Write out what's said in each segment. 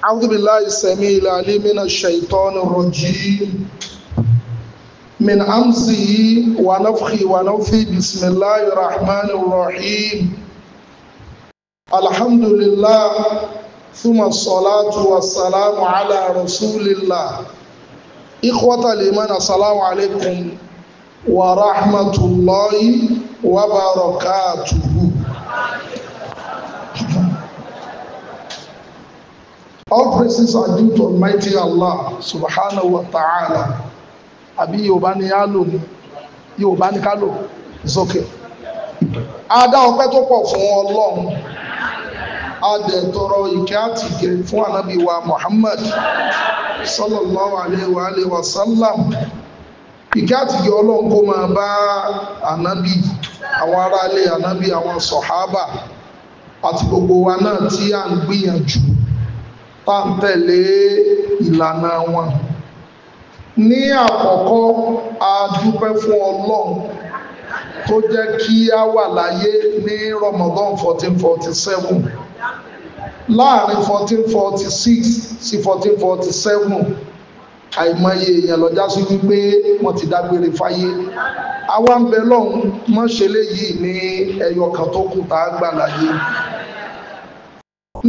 أعوذ بالله السميع العليم من الشيطان الرجيم من أمسه ونفخه ونفخه بسم الله الرحمن الرحيم الحمد لله ثم الصلاة والسلام على رسول الله إخوة الإيمان السلام عليكم ورحمة الله وبركاته All praises are due to Almighty Allah subhanahu wa ta'ala. Àbí Yorùbá ni á lò ní Yorùbá ni ká lò zókè. A dá ọpẹ́ tó pọ̀ fún Ọlọ́run. A dẹ̀ tọrọ ìkẹ́ àti ìgẹ̀ fún ànábì wa Muhammad sallallahu alayhi wa alayhi wa sallam. Ìkẹ́ àti ìgẹ̀ Ọlọ́run kó máa bá ànábì, àwọn aráalé ànábì, àwọn sọ̀hábà àti gbogbo wa náà tí à ń gbìyànjú tá ń tẹ̀lé ìlànà wọn ní àkọ́kọ́ a dúpẹ́ fún ọlọ́run tó jẹ́ kí a wà láyé ní Ramadan 1447 láàrin 1446 sí 1447 àìmọye èèyàn lọ́jà sí wípé wọ́n ti dágbére fáyé àwa ń bẹ lọ́hùn mọ́ ṣe léyìí ní ẹyọ kan tó kù tá a gbà láyé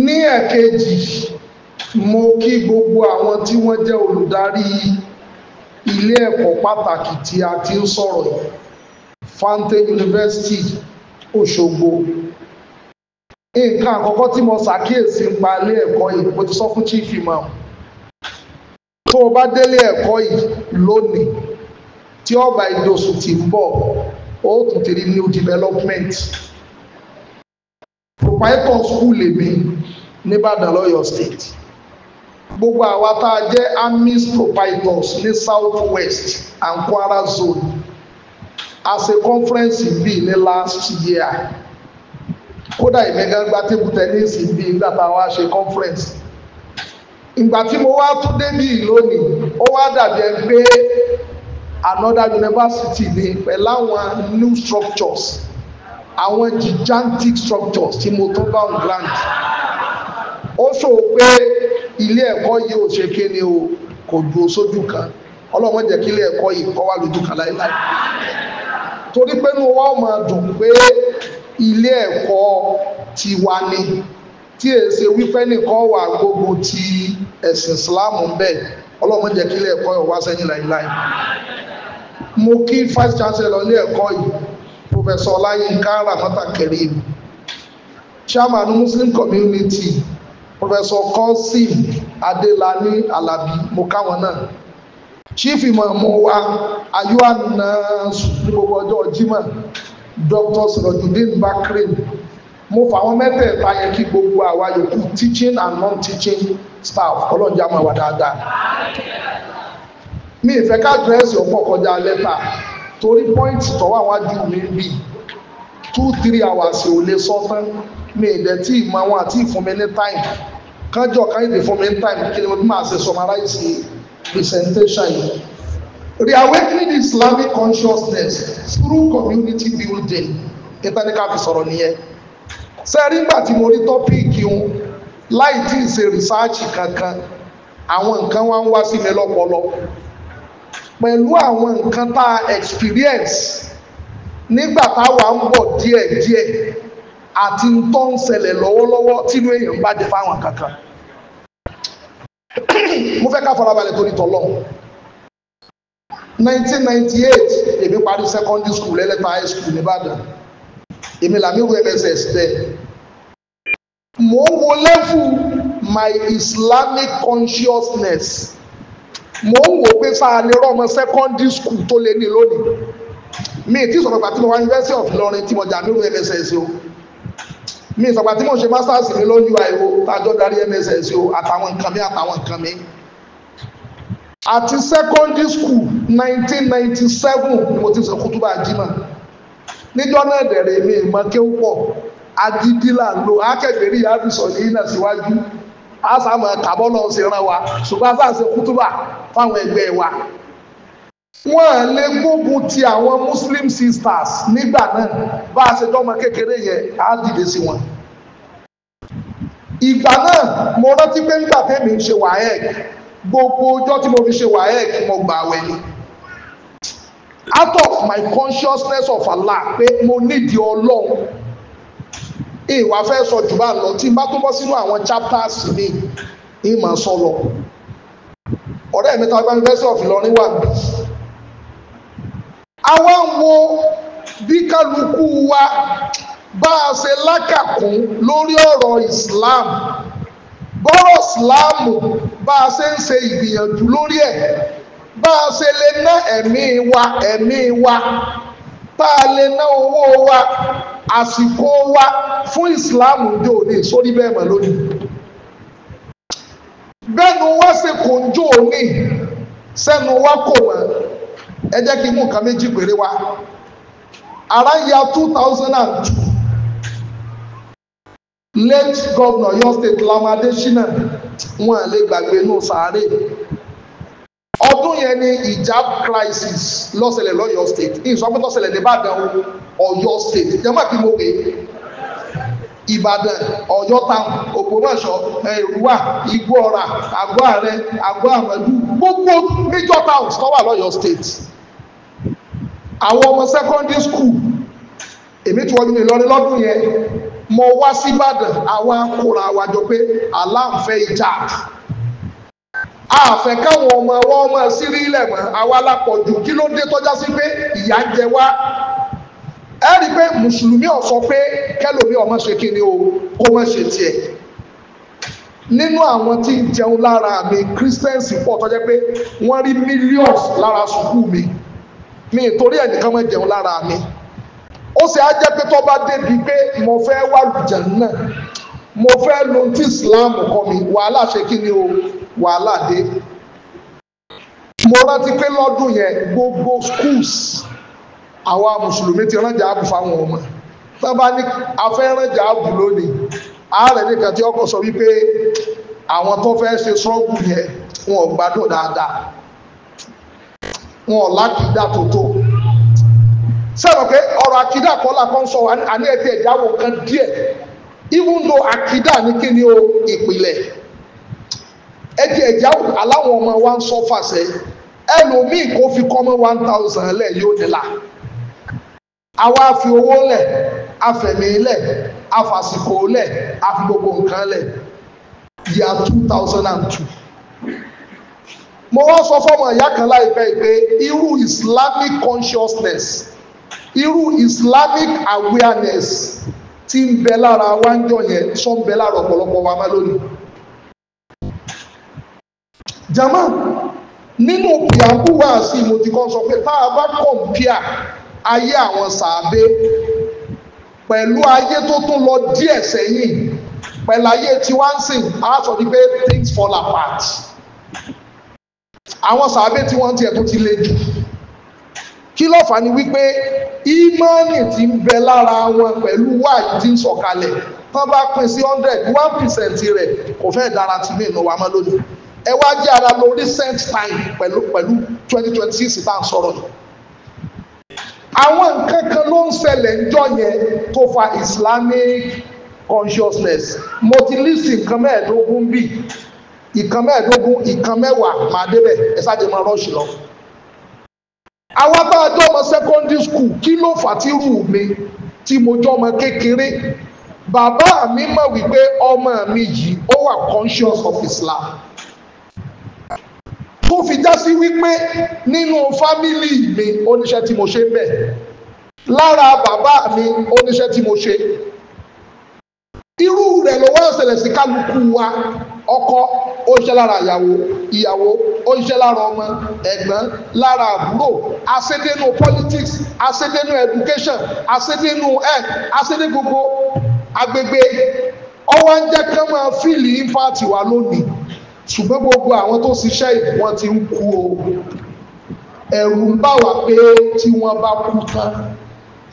ní ẹ̀kejì mo kí gbogbo àwọn tí wọ́n jẹ́ olùdarí ilé ẹ̀kọ́ pàtàkì tí a ti ń sọ̀rọ̀ Fante University Òṣogbo nǹkan àkọ́kọ́ tí mo ṣàkíyèsí ń pa ilé ẹ̀kọ́ yìí mo ti sọ fún chief imam tó o bá délé ẹ̀kọ́ yìí lónìí tí ọba ìdòsùn ti ń bọ̀ ó tún ti rí new development proprietor school èmi ní lọ́yọ̀ state gbogbo àwa tá a jẹ́ amis proprietors ní south west and kwara zone a ṣe conference bíi ní last year kódà ìmẹ̀gá gba table tennis bíi nígbà tá a wá ṣe conference ìgbà tí mo wá tún débí lónìí ó wá dàbí ẹ pé another university ni pẹ̀lú àwọn new structures àwọn gigantic structures tí mo tún bá on grant. ó sọ pé ilé ẹ̀kọ́ yìí ò ṣe kí ni o kò dúró sójú kan ọlọ́run jẹ́ kí ilé ẹ̀kọ́ yìí kọ́ wá lójú kan láéláé torí pé inú wa máa dùn pé ilé ẹ̀kọ́ tiwa ni tí è ṣe wípé nìkan wà ti ẹ̀sìn ìsìláàmù ń bẹ̀ ọlọ́run jẹ́ kí ilé ẹ̀kọ́ yìí wá sẹ́yìn láéláé mo kí vice chancellor ẹ̀kọ́ yìí professor ọláyínká muslim community professor kọ́sìm adélani Alabi mo káwọn náà chief imam wa ayuwa nurse ní gbogbo ọjọ́ Jímọ̀ dr sirojudeen bakrin mo fà wọn mẹ́tẹ̀ẹ̀ta yẹn kí gbogbo àwa yòókù teaching and non-teaching staff ọlọ́njà máa wà dáadáa mi ìfẹ́ ká dírẹ́sì ọ̀pọ̀ kọjá lẹ́tà torí point tọ́wọ́ àwọn adùn mi bì two three hours ò lè sọ tán mi ìdẹ̀tí ìmọ̀ àwọn àti ìfúnmi ní time kájọ káyìdè fún mi time kí ni mo máa ṣe summarize presentation yìí. reawakening Islamic consciousness through community building ìtàníkà fi sọ̀rọ̀ nìyẹn. sẹ́ẹ̀rí ńgbà tí mo rí tọ́píìkì òun láì tí ì ṣe rìsáàchì kankan àwọn nǹkan wá ń wá sí mi lọ́pọlọ pẹ̀lú àwọn nǹkan tá a experience nígbà táwa ń bọ̀ díẹ̀díẹ̀ àti tó ń ṣẹlẹ̀ lọ́wọ́lọ́wọ́ tínú èèyàn bá jẹ fáwọn kankan mo fẹ́ ká farabalẹ̀ torí tọ́lọ́ 1998 èmi parí secondary school lẹ́lẹ́ta high school nìbàdàn èmi làmí wo mss tẹ mo ń wo level my islamic consciousness mo ń wo pé sáà lè rọmọ secondary school tó lé ní lónìí mi ì sọ̀rọ̀ pàtí mo university of Ìlọrin tí mo jà mí wo mss o mi ìsọ̀gbà tí mo ṣe masters mi ló UI o tájọ́ darí MSS o àtàwọn nǹkan mi àtàwọn nǹkan mi àti secondary school nineteen ninety seven ni mo ti sọ kútúbà jimá níjọ́ náà dẹ̀rẹ̀ mi ìmọ̀ kí ó pọ̀ agídílà lo akẹ́gbẹ̀rí àbísọ̀ ní iná síwájú àsàmọ̀ kàbọ́lọ̀ ṣe ràn wá ṣùgbọ́n àṣàṣe kútúbà fáwọn ẹgbẹ́ wa. wọ́n lè gbógun ti àwọn muslim sisters nígbà náà bá a ṣe dọ́mọ kékeré yẹn á dìde sí wọn ìgbà náà mo rántí pé nígbà tẹ́mi ṣe wáyẹ̀k gbogbo ọjọ́ tí mo fi ṣe wáyẹ̀k mo gbà wẹ̀ ni out of my consciousness of Allah pé mo nídìí ọlọ́run ìwà fẹ́ sọ jù bá lọ tí n bá tó bọ́ sínú àwọn chapters mi ìmọ̀ sọlọ ọ̀rẹ́ mi ta gba university of Ìlọrin wà bí àwa ń wo bí kálukú wa bá a ṣe lákàkún lórí ọ̀rọ̀ Islam bọ́rọ̀ Islam bá a ṣe ń ṣe ìgbìyànjú lórí ẹ̀ bá a ṣe lè ná ẹ̀mí wa ẹ̀mí wa tá a lè ná owó wa àsìkò wa fún Islam jò ní sórí bẹ́ẹ̀ mọ̀ lónìí bẹ́ẹ̀ni wá ṣe kò ń jò ní sẹ́nu wá kò wọ́n ẹ jẹ́ kí n mú nǹkan méjì péré wá aráyà two thousand and two late governor Ọ̀yọ́ state Lamade Shina wọn lè gbàgbé inú sàárè ọdún yẹn ni hijab crisis lọ́sẹ̀lẹ̀ lọ́yọ́ state ìsọpẹ́ tọ́sẹ̀lẹ̀ nìbàdàn Ọ̀yọ́ state jẹ́mọ́ kí mo pè é ìbàdàn Ọ̀yọ́ town Ògbómọ̀ṣọ́ eh, ẹrúwà igbó ọ̀rà àgọ́ ààrẹ àgọ́ àmọdù gbogbo major towns tó wà lọ́yọ́ state àwọn ọmọ secondary school èmi tí wọn ní Ìlọrin lọ́dún yẹn mo wá síbàdàn àwa kóra wa jọ pé aláǹfẹ́ ìjà àfẹ́ káwọn ọmọ wa ọmọ sírí ilẹ̀ mọ́ àwa lápọ̀jù kí ló dé tọ́já sí pé ìyà ń jẹ wá ẹ rí i pé mùsùlùmí ò pé kẹlòmí ọmọ ṣe kí ni o kó má ṣe tiẹ̀ nínú àwọn tí ń jẹun lára mi christians pọ̀ tọ́jẹ́ pé wọ́n rí millions lára sùkúù mi mi ìtorí ẹnìkan má jẹun lára mi ó sì á jẹ́ pé tó bá débi pé mo fẹ́ wà lùjẹ̀ náà mo fẹ́ lo ti Islam kọ́ mi wàhálà ṣe kí ni o wàhálà dé mo rántí pé lọ́dún yẹn gbogbo schools àwa mùsùlùmí ti ránjà ààbò fáwọn ọmọ tó bá ní afẹ́ ránjà ààbò lónìí ààrẹ nìkan tí ọkọ̀ sọ wípé àwọn tó fẹ́ ṣe sọ́ọ̀bù yẹn wọn gbádùn dáadáa wọn ò lákìdá tó tó sẹ́wọ̀n pé ọ̀rọ̀ àkídà kọ́lá kan sọ àní ẹ̀tí ẹ̀jáwó kan díẹ̀ even though àkídà ní kí ni o ìpìlẹ̀ ẹ̀tí ẹ̀jáwó aláwọn ọmọ wa ń sọ fàṣẹ ẹlòmíì kò fi kọ́mọ́ one thousand lẹ̀ yóò nílà àwa fi owó lẹ̀ afẹ̀mí lẹ̀ afàsìkò lẹ̀ afi gbogbo nǹkan lẹ̀ year two thousand and two mo wá sọ fọmọ ìyá kan láìpẹ́ pé irú islamic consciousness irú islamic awareness tí ń bẹ lára wájọ yẹn sọ ń bẹ lára ọ̀pọ̀lọpọ̀ wa má lónìí. jama nínú pìàkú wá sí mo ti kọ́ sọ pé tá a bá kọ̀m̀pìà ayé àwọn sàábé pẹ̀lú ayé tó tún lọ díẹ̀ sẹ́yìn pẹ̀lú ayé tí wọ́n ń sìn á sọ ní pé things fall apart àwọn sàábé tí wọ́n tiẹ̀ tó ti le jù kí ló fà ní wípé ìmọ̀ọ́nì ti ń bẹ lára wọn pẹ̀lú wáyé tí ń sọ̀kalẹ̀ tán bá pín sí hundred one percent rẹ̀ kò fẹ́ dára tì mí ìnáwó àmọ́ lónìí ẹ wá jẹ́ ara lọ recent time pẹ̀lú pẹ̀lú twenty twenty six tá à ń sọ̀rọ̀ yìí. àwọn nǹkan kan ló ń ṣẹlẹ̀ ńjọ́ yẹn tó fa Islamic consciousness mo ti list nǹkan mẹ́ẹ̀ẹ́dógún bíi ìkan mẹ́ẹ̀ẹ́dógún ìkan mẹ́wàá màá débẹ̀ ẹ sáà jẹ́ máa rọ́ọ̀ṣì lọ àwọn bá a jọ ọmọ secondary school kí ló fà tí rù mí tí mo jọ ọmọ kékeré bàbá mi mọ̀ wípé ọmọ mi yìí ó wà conscious of Islam tó fi já sí wípé nínú fámìlì mi oníṣẹ́ tí mo ṣe bẹ́ẹ̀ lára bàbá mi oníṣẹ́ tí mo ṣe irú rẹ̀ ló wá sí kálukú wa ọkọ ó ṣiṣẹ́ lára ìyàwó ìyàwó ó ṣiṣẹ́ lára ọmọ ẹ̀gbọ́n lára àbúrò asédénú politics asédénú education asédénú ẹ̀ asédé gbogbo agbègbè ọwọ́ ń jẹ́ kí wọ́n fìlì ìfàtì wà lónìí ṣùgbọ́n gbogbo àwọn tó ṣiṣẹ́ wọn ti ń kú o ẹ̀rù ń bà wá pé tí wọ́n bá kú tán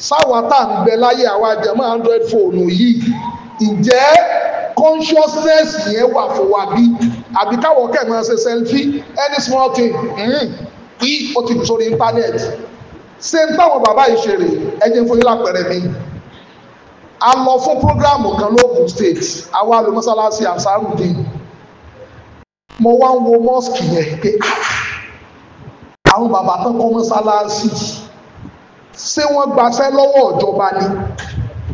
sáwà tá à ń bẹ láyé àwa jẹ̀mọ́ android fóònù yìí ǹjẹ́ consciousness yẹn wà fún wa bí àbí káwọ kẹ̀mọ́ ṣe selfie any small thing hmm. kí o ti sórí internet ṣe ń táwọn bàbá yìí ṣe rè fún yín lápẹ̀rẹ̀ mi a lọ fún programu kan lóògùn state àwa lọ mọ́sálásí àṣàrùdín mo wá ń wo mosque yẹn pé ah, àwọn bàbá tán kọ́ mọ́sálásí ṣé wọ́n gbaṣẹ́ lọ́wọ́ ìjọba ni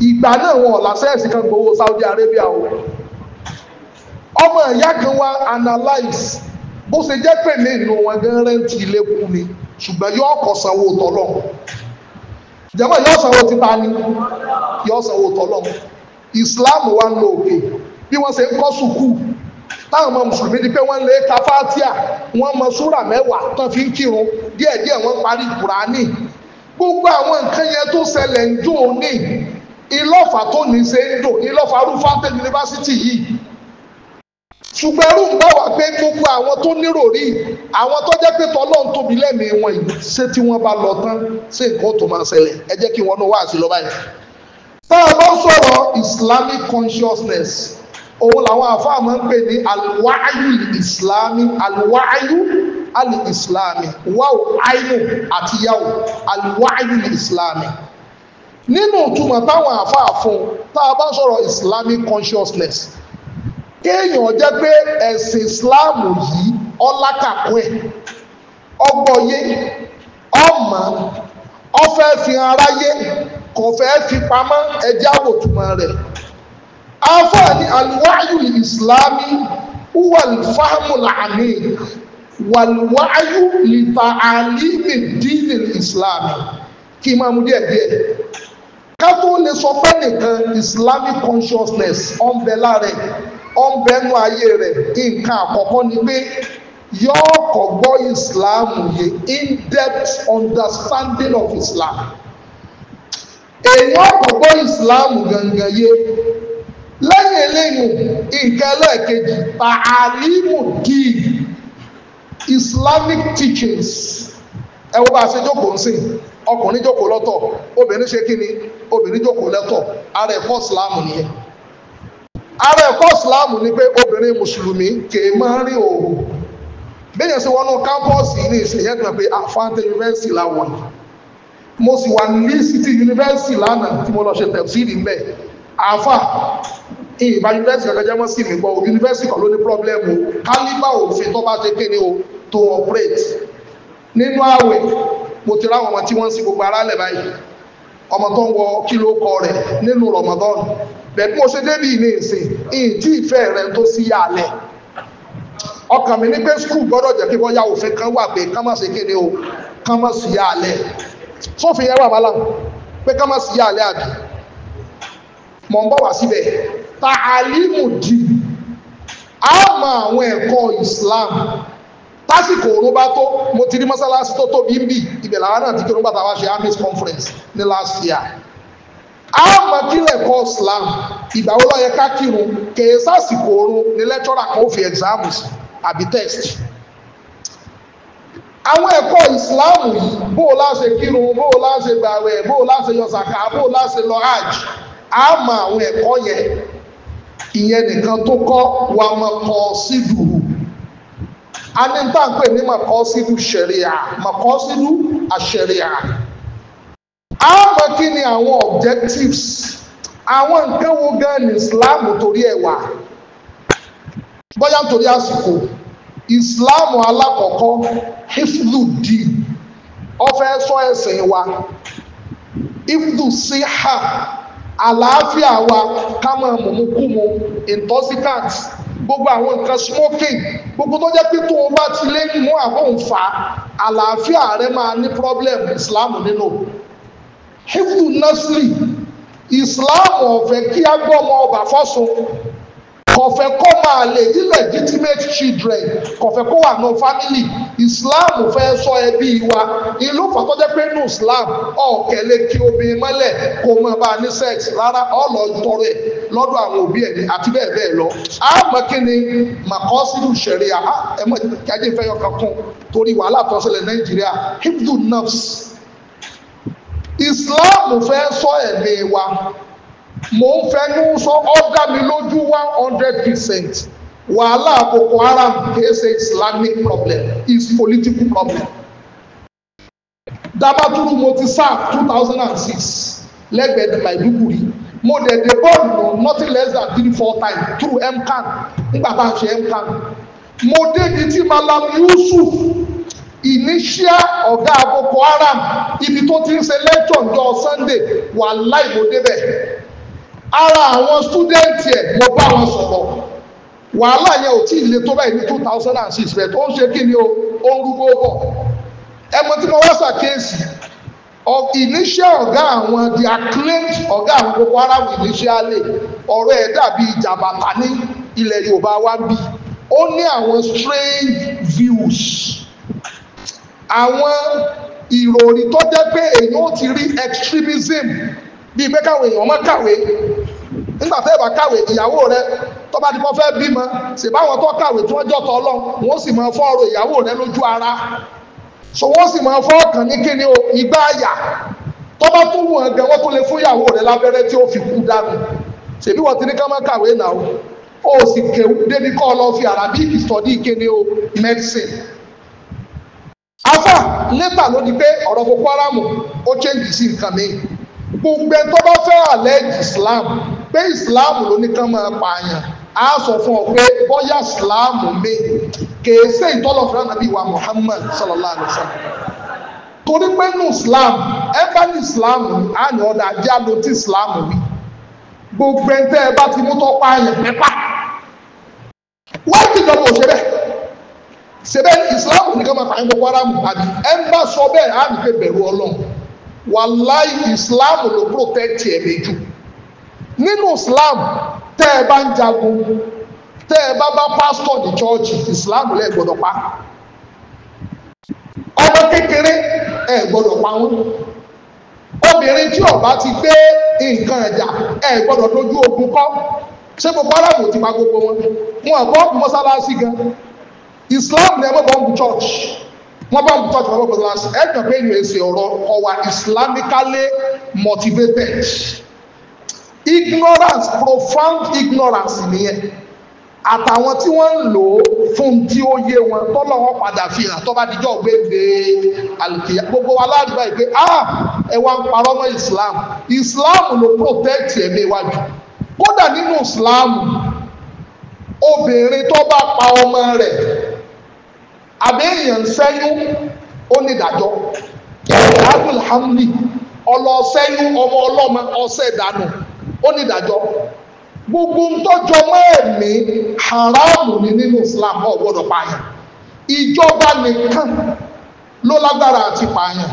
ìgbà náà wọn làṣẹ́ẹ̀sì kan gbowó Saudi Arabia o ọmọ ìyá kan wá analyse bó ṣe jẹ́ pèlè inú wọn gan rẹ́ǹtì ilé kú ni ṣùgbọ́n yóò kọ̀ sanwó tọ́lọ̀ jẹ́mọ̀ yóò sanwó títa ni yóò sanwó tọ́lọ̀ ìsìláàmù wa ń lo òkè bí wọ́n ṣe ń kọ́ sùkúù táwọn ọmọ mùsùlùmí di pé wọ́n lè ka fátíà wọ́n mọ súrà mẹ́wàá tán fi ń kírun díẹ̀díẹ̀ wọ́n parí kùránì gbogbo àwọn nǹkan yẹn tó ṣẹlẹ̀ ń dùn ní ilọ́fà tó ní ṣe ń dò ilọ́fà rúfáńtẹ́ yunifásitì yìí ṣùgbọ́n ẹrú ń bá wà pé gbogbo àwọn tó níròrí àwọn tó jẹ́ pé tọ́lọ́run tóbi lẹ́mìí wọn yìí ṣé tí wọ́n bá lọ tán ṣé nǹkan tó máa ṣẹlẹ̀ ẹ jẹ́ kí wọ́n náà wá sí lọ báyìí. tá a bá sọ̀rọ̀ Islamic consciousness òun làwọn àfáà máa ń pè ní alwaayu islami alwaayu alislami wáwò àìmù àti yáwò alwaayu islami. Al nínú ìtumọ̀ táwọn àáfàá fún tá a bá sọ̀rọ̀ islamic consciousness kéèyàn jẹ́ pé ẹ̀sìn islam yìí ọlákàkún ẹ̀ ọgbọ̀yé ọmọ ọfẹ́ fi aráyé kò fẹ́ fi pamọ́ ẹjẹ́ àwòtúmọ̀ rẹ̀ àáfàá ní alwáyù islami huwa alfahamu làánì wàlúwáyù lìtàálímì dínì islami kí n máa mú díẹ̀ díẹ̀ ká tó lè sọ pé nìkan islamic consciousness ọ̀nbẹ lára ẹ̀ ọ̀nbẹ nú ayé rẹ̀ nǹkan àkọ́kọ́ ni pé yóò kọ́ gbọ́ islam yẹ in-depth understanding of islam èèyàn kọ́ gbọ́ islam gangan yẹ lẹ́yìn eléyìn nǹkan ẹlẹ́ẹ̀kejì tààlímù díì islamic teachings ẹ wo bá a ṣe jókòó ń sìn ọkùnrin jókòó lọ́tọ̀ obìnrin ṣe kí ni obìnrin jókòó lẹ́tọ̀ ara ẹ̀kọ́ ìsìláàmù nìyẹn ara ẹ̀kọ́ ìsìláàmù ni pé obìnrin mùsùlùmí kèé máa ń rí òòrùn bẹ́ẹ̀ sọ wọnú kámpọ́ọ̀sì ní ìṣẹ̀yẹ́ kan pé àfáàntẹ́ ah, yunifásitì làwọn mo sì wà ní city yunifásitì lánàá tí mo lọ ṣe tẹ̀síìlì mbẹ́ àfà ìbá yunifásitì kankan jẹ́mọ́ sí mi gbọ́ yunifásitì kan ló ní pọ́blẹ́mù kálíbà òfin tó bá ṣe kéde o tó operate nínú àwẹ̀ mo ti ráwọn ọmọ tí wọ́n ń sin gbogbo aráàlẹ̀ báyìí ọmọ tó ń wọ kílò kọ rẹ̀ nínú Ramadan bẹ́ẹ̀ bí mo ṣe débi ilé ìsìn ìdí ìfẹ́ rẹ̀ tó sí yàlẹ̀ ọkàn mi ní pé skul gbọ́dọ̀ jẹ́ kí wọ́n yá òfin kan wà pé ká má ṣe kéde o ká má sí yàlẹ̀ sófin yẹn wà má láwọn pé ká má sí yàlẹ̀ àbí mọ̀ ń bọ̀ wá síbẹ̀ tààlímù dì á mọ àwọn ẹ̀kọ́ Islam tásìkò òun bá tó mo ti rí mọ́sálásí tó tóbi ń bì ibẹ̀ làwọn náà ti kí wá ṣe amis conference ní last year a àmọ́ kí lẹ́kọ̀ọ́ slam ìgbàwó lọ́yẹ ká kírun kèé sásìkò oorun ní lẹ́tọ́rà kan ó fi exams àbí test àwọn ẹ̀kọ́ ìsìláàmù yìí bó o láṣẹ kírun bó o láṣẹ gbàwẹ̀ bó o láṣẹ yọsàkà bó o láṣẹ lọ hajj àmọ́ àwọn ẹ̀kọ́ yẹn ìyẹn nìkan tó kọ́ wàmọ̀kọ́ sídùú a ní tá à ń pè ní mọ̀kọ́sídù ṣẹ̀ríà mọ̀kọ́sídù àṣẹ̀ríà a mọ̀ kí ni àwọn objectives àwọn nǹkan wo gan ni Islam torí ẹ̀ wà bóyá nítorí àsìkò Islam alákọ̀ọ́kọ́ hifdu di ọfẹ́ sọ ẹ̀sìn wa hifdu siha àlàáfíà wa ká máa mọ̀mú kú mu intoxicants gbogbo àwọn nǹkan smoking gbogbo tó jẹ́ pé tó o bá ti lé mú àbóhùn fa àlàáfíà rẹ máa ní problem Islam nínú hifdu nasri Islam ọ̀fẹ́ kí á gbọ́ ọmọ ọba fọ́sùn kọ̀fẹ́ kó máa lè ní legitimate children kọ̀fẹ́ kó wà nù family islam fẹ́ sọ ẹbí wa ìlú fàtọ́jẹ́ pé nù islam ọ̀kẹ́lẹ́ kí obìnrin mọ́lẹ̀ kó máa bá a ní sex rárá ọ̀lọ́ tọrọ ẹ̀ lọ́dọ̀ àwọn òbí ẹ̀ ní àti bẹ́ẹ̀ bẹ́ẹ̀ lọ. àmọ́ kí ni màkọ́sílù ṣẹ̀rí à ẹ̀ mọ̀ jáde fẹ́ yọ kankan torí wàhálà tó ṣẹlẹ̀ nàìjíríà hibdu nafs islam fẹ́ sọ ẹ̀mí wa mo ń fẹnu sọ ọ́ mi lójú one hundred percent wàhálà Boko Haram kìí ṣe Islamic problem is political problem. Dabaturu mo ti sáà two thousand and six lẹ́gbẹ̀ẹ́ Maiduguri mo dẹ̀ dé bọ́ọ̀lù nothing less than three four times through mcan nígbà tá a ṣe mcan mo débi tí malam yusuf initial ọ̀gá boko haram ibi tó ti ń ṣe lẹ́tọ̀ ọjọ́ sunday wà láì mo débẹ̀ ara àwọn stúdẹ́ǹtì ẹ̀ mo bá wọn sọ̀rọ̀ wàhálà yẹn ò tí ì le tó báyìí ní two thousand and six rẹ̀ tó ń ṣe kí ni o ó ń rúgbó bọ̀ ẹ mọ tí mo wá ṣàkíyèsí ìníṣẹ́ ọ̀gá àwọn the acclaimed ọ̀gá àwọn Boko Haram initially ọ̀rọ̀ ẹ̀ dàbí ìjàmbá ní ilẹ̀ Yorùbá wa bí ó ní àwọn strange views àwọn ìròrí tó jẹ́ pé èèyàn ó ti rí extremism bíi pé káwọn èèyàn má kàwé nígbà tẹ́ bá kàwé ìyàwó rẹ tó bá ti kọ́ fẹ́ bímọ ṣèbáwọn tó kàwé tí wọ́n jọ́tọ̀ ọlọ́run wọ́n sì máa fọ́ọ̀rọ̀ ìyàwó rẹ lójú ara so wọ́n sì máa fọ́ọ̀kàn ní kíni o igbá àyà tó bá tún wù ẹ̀gẹ́ wọ́n tún lè fún ìyàwó rẹ lábẹ́rẹ́ tí ó fi kú dànù ṣèbí wọ́n ti ní ká má kàwé náà o sì kéwú débi kọ́ ọ lọ fi Arabic study kíni o medicine afa lẹ́tà ló di pé ọ̀rọ̀ Boko Haram ó change sí nǹkan mi gbogbo ẹ̀ tó bá fẹ́ àlẹ́ Islam pé islam ló ní kán máa pààyàn á sọ fún ọ pé bóyá islam mi kèé ṣe ìtọ́lọ̀ fún anabi wa muhammad sallallahu alayhi wa sallam torí pé nù islam ẹ bá ní islam á ní ọ̀dà ajé àlò tí islam wí gbogbo ẹ̀ tẹ́ ẹ bá ti mú tọ́ pààyàn ẹ pa wọ́n ti dọ̀bọ̀ òṣèré sebe islam nìkan máa fàáyín gbogbo ara mu àbí ẹ ń bá sọ bẹ́ẹ̀ á nìkan bẹ̀rù ọlọ́run wàláì islam ló protect ẹ̀ méjì nínú Islam tẹ́ ẹ bá ń jagun tẹ́ ẹ bá bá pásítọ̀ ní chọ́ọ̀chì Islam lẹ́ẹ̀ gbọ́dọ̀ pa ọmọ kékeré ẹ gbọ́dọ̀ pa wọ́n obìnrin tí ọba ti gbé nǹkan ẹ̀jà ẹ gbọ́dọ̀ dojú ogun kọ́ ṣé gbogbo aráàlú ti pa gbogbo wọn wọn bọ́ mọ́sálásí gan Islam ni ẹ mọ́ bọ́ǹbù church wọ́n bá ń tọ́jú ọlọ́pàá lọ́wọ́ ẹ jọ pé ìwé ṣe ọ̀rọ̀ ọwà islamically motivated ignorance profound ignorance nìyẹn àtàwọn tí wọ́n ń lò ó fún tí ó yé wọn tọ́lọ́ wọn padà fi hàn tọ́ba díjọ́ gbégbé àlùkìyà gbogbo wa ládùúgbà yìí pé ah ẹ wá ń parọ́ mọ́ Islam Islam ló protect ẹ̀mí iwájú kódà nínú Islam obìnrin tó bá pa ọmọ rẹ̀ àbẹ́yẹn sẹ́yún ó ní ìdájọ́ ìdájọ́ alhamdi ọlọ́sẹ́yún ọmọ ọlọ́mọ ọsẹ̀ dànù ó ní ìdájọ́ gbogbo ntọ́jọ́ mẹ́ẹ̀mí haramu ni nínú Islam ọ̀ gbọ́dọ̀ pààyàn ìjọba nìkan ló lágbára àti pààyàn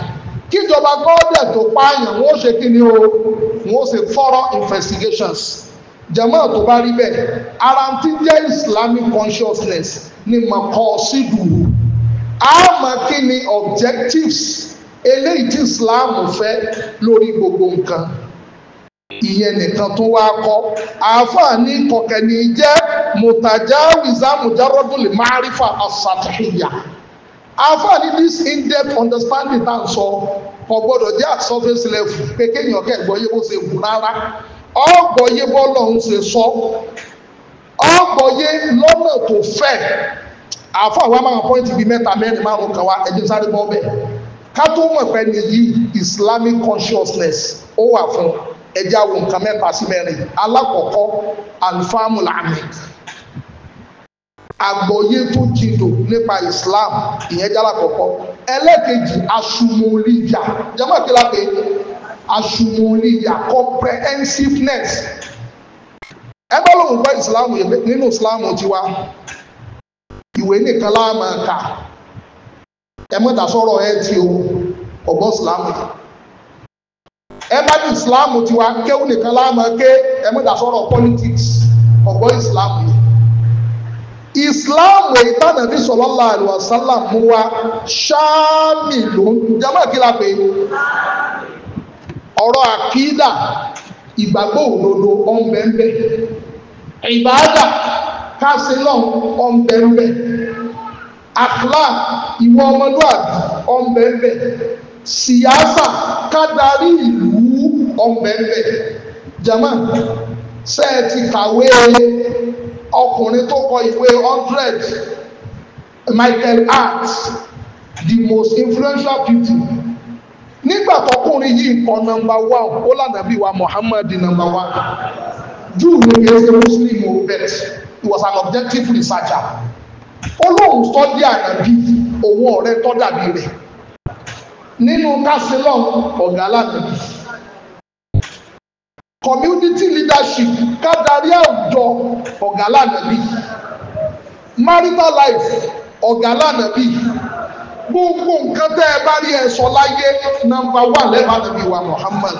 kíjọba gọ́ọ̀dẹ̀ tó pààyàn wọ́n ṣe kí ni o wọ́n ṣe foreign investigations jẹ̀mọ́ tó bá rí bẹ́ẹ̀ ara ti jẹ́ Islamic consciousness ni mọ̀kọ́ sídùú àmọ́ kí ni objectives eléyìí tí Islam fẹ́ lórí gbogbo nǹkan ìyẹn nìkan tún wá kọ́ àáfàá ní kọ̀kẹ́ni jẹ́ mutajawiza mujarradul ma'rifa as-sathiyya àáfàá this in-depth understanding tá à ń sọ kò gbọ́dọ̀ jẹ́ surface level pé kéèyàn kẹ́gbọ́ yé bó ṣe wù rárá ọgbọ̀ yé bọ́lọ̀ ń ṣe sọ ọgbọ̀ yé lọ́nà tó fẹ́ àáfàá wa máa pọ́ìntì bíi mẹ́ta mẹ́rin márùn kan wá ẹ̀jẹ̀ sáré bọ́ bẹ́ẹ̀ ká tó mọ̀ pé nìyí Islamic consciousness ó wà fún un ẹjẹ́ àwọn nǹkan mẹ́ta sí mẹ́rin alákọ̀ọ́kọ́ alfahamu lamid àgbọ́yé tó jìndò nípa Islam ìyẹn jẹ́ alákọ̀ọ́kọ́ ẹlẹ́kejì asumoliya jẹ́mọ́ àkílá pé asumoliya comprehensiveness ẹgbẹ́ lòun gbọ́ Islam nínú Islam tiwa ìwé nìkan láàmà kà ẹ mọ́ta sọ̀rọ̀ ẹ ti o ọ̀gbọ́n Islam yìí ẹbá ní ìsìláàmù tiwa kéwù nìkan láàmú ké ẹmúdàsọ́rọ̀ politics ọ̀gbọ́ Islam yìí ìsìláàmù èyí tánà ní sọlọ́lá àlùwà sálàmù wa ṣáàmì ló ń jẹ́mọ́ kí la pè é ọ̀rọ̀ àkídà ìgbàgbọ́ òdodo ọ̀nbẹ̀ńbẹ̀ ìbáàdà kásílọ̀ ọ̀nbẹ̀ńbẹ̀ àkùlá ìwọ ọmọlúwàbí ọ̀nbẹ̀ńbẹ̀ síyáàsà kádarí ìlú ọ̀bẹ̀ẹ̀bẹ̀ jama ṣe é ti kàwé ọkùnrin tó kọ ìwé hundred Michael Hart the most influential beauty. nígbà tọkùnrin yìí nǹkan nọ́mbà one ó lànàbí wa Muhammad nọ́mbà one Jew ló yẹ ṣe Muslim o bet he was an objective researcher ó lóun sọ́dí ànàbí òun ọ̀rẹ́ tọ́dàbí rẹ̀ nínú kásílọ̀ ọ̀gá lánàá community leadership kádàrí àwùjọ ọ̀gá lánàbí marital life ọ̀gá lánàbí gbogbo nǹkan tẹ́ ẹ bá rí ẹ sọ láyé nọ́mbà wà lẹ́bàá nàbí wa Muhammad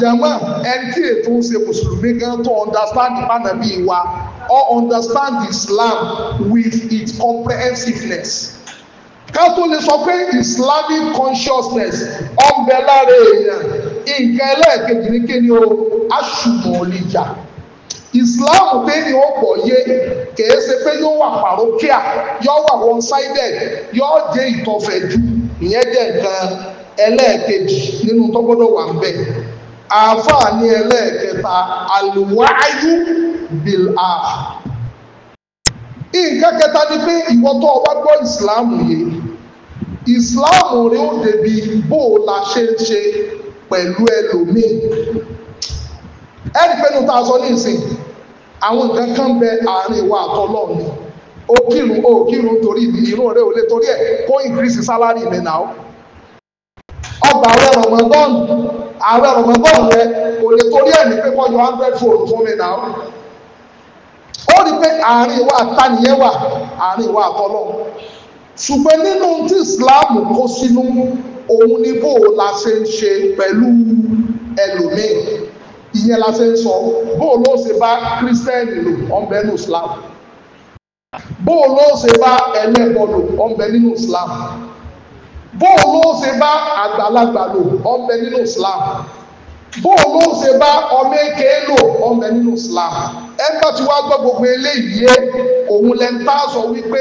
jama ẹntì ètò ń ṣe mùsùlùmí gan tó understand bánàbí wa or understand Islam with its comprehensiveness ká tó lè sọ pé islamic consciousness ọ̀nbẹ lára èèyàn nǹkan ẹlẹ́ẹ̀kejì ní kíni o aṣùmọ̀lìjà islam téèyàn ó pọ̀ yé kìí ṣe pé yóò wà pàrókíà yóò wà one sided yóò jẹ́ ìtọ̀fẹ̀jú ìyẹn jẹ́ nǹkan ẹlẹ́ẹ̀kejì nínú tó gbọ́dọ̀ wà ń bẹ̀ àáfàá ní ẹlẹ́ẹ̀kẹta àlùwáyú bìlà nǹkan kẹta ni pé ìwọ tó o bá gbọ́ islam yìí islam rẹ ó débi bó o la ṣe ń ṣe pẹ̀lú ẹlòmíì ẹni pé nu tá a sọ ní ìsìn àwọn nǹkan kan bẹ àárín ìwà àtọlọ́ọ̀ ni ó kírun ó kírun torí irun rẹ ò lè torí ẹ kó increase salary mi náà ọgbà àwẹ̀ rọmọdọ́n àwẹ̀ rọmọdọ́n rẹ kò lè torí ẹ̀ ní pé wọ́n yọ hundred fold fún mi náà ó rí i pé àárín ìwà àtàníyẹ àárín ìwà àtọ́lọ́ ṣùgbọ́n nínú tí Islam kó sínú òun ni bó la ṣe ń ṣe pẹ̀lú ẹlòmíì ìyẹn la ṣe ń sọ bó ló ṣe bá kírísítẹ́nì lò ọ̀nbẹ nínú Islam bó ló ṣe bá ẹlẹ́bọ lò ọ̀nbẹ nínú Islam bó ló ṣe bá àgbàlagbà lò ọ̀nbẹ nínú Islam bó ló ṣe bá ọmọ èké lò ọ̀nbẹ nínú Islam ẹgbẹ́ tí wàá gbọ́ gbogbo eléyìí yé òun lẹ́ńtà sọ wípé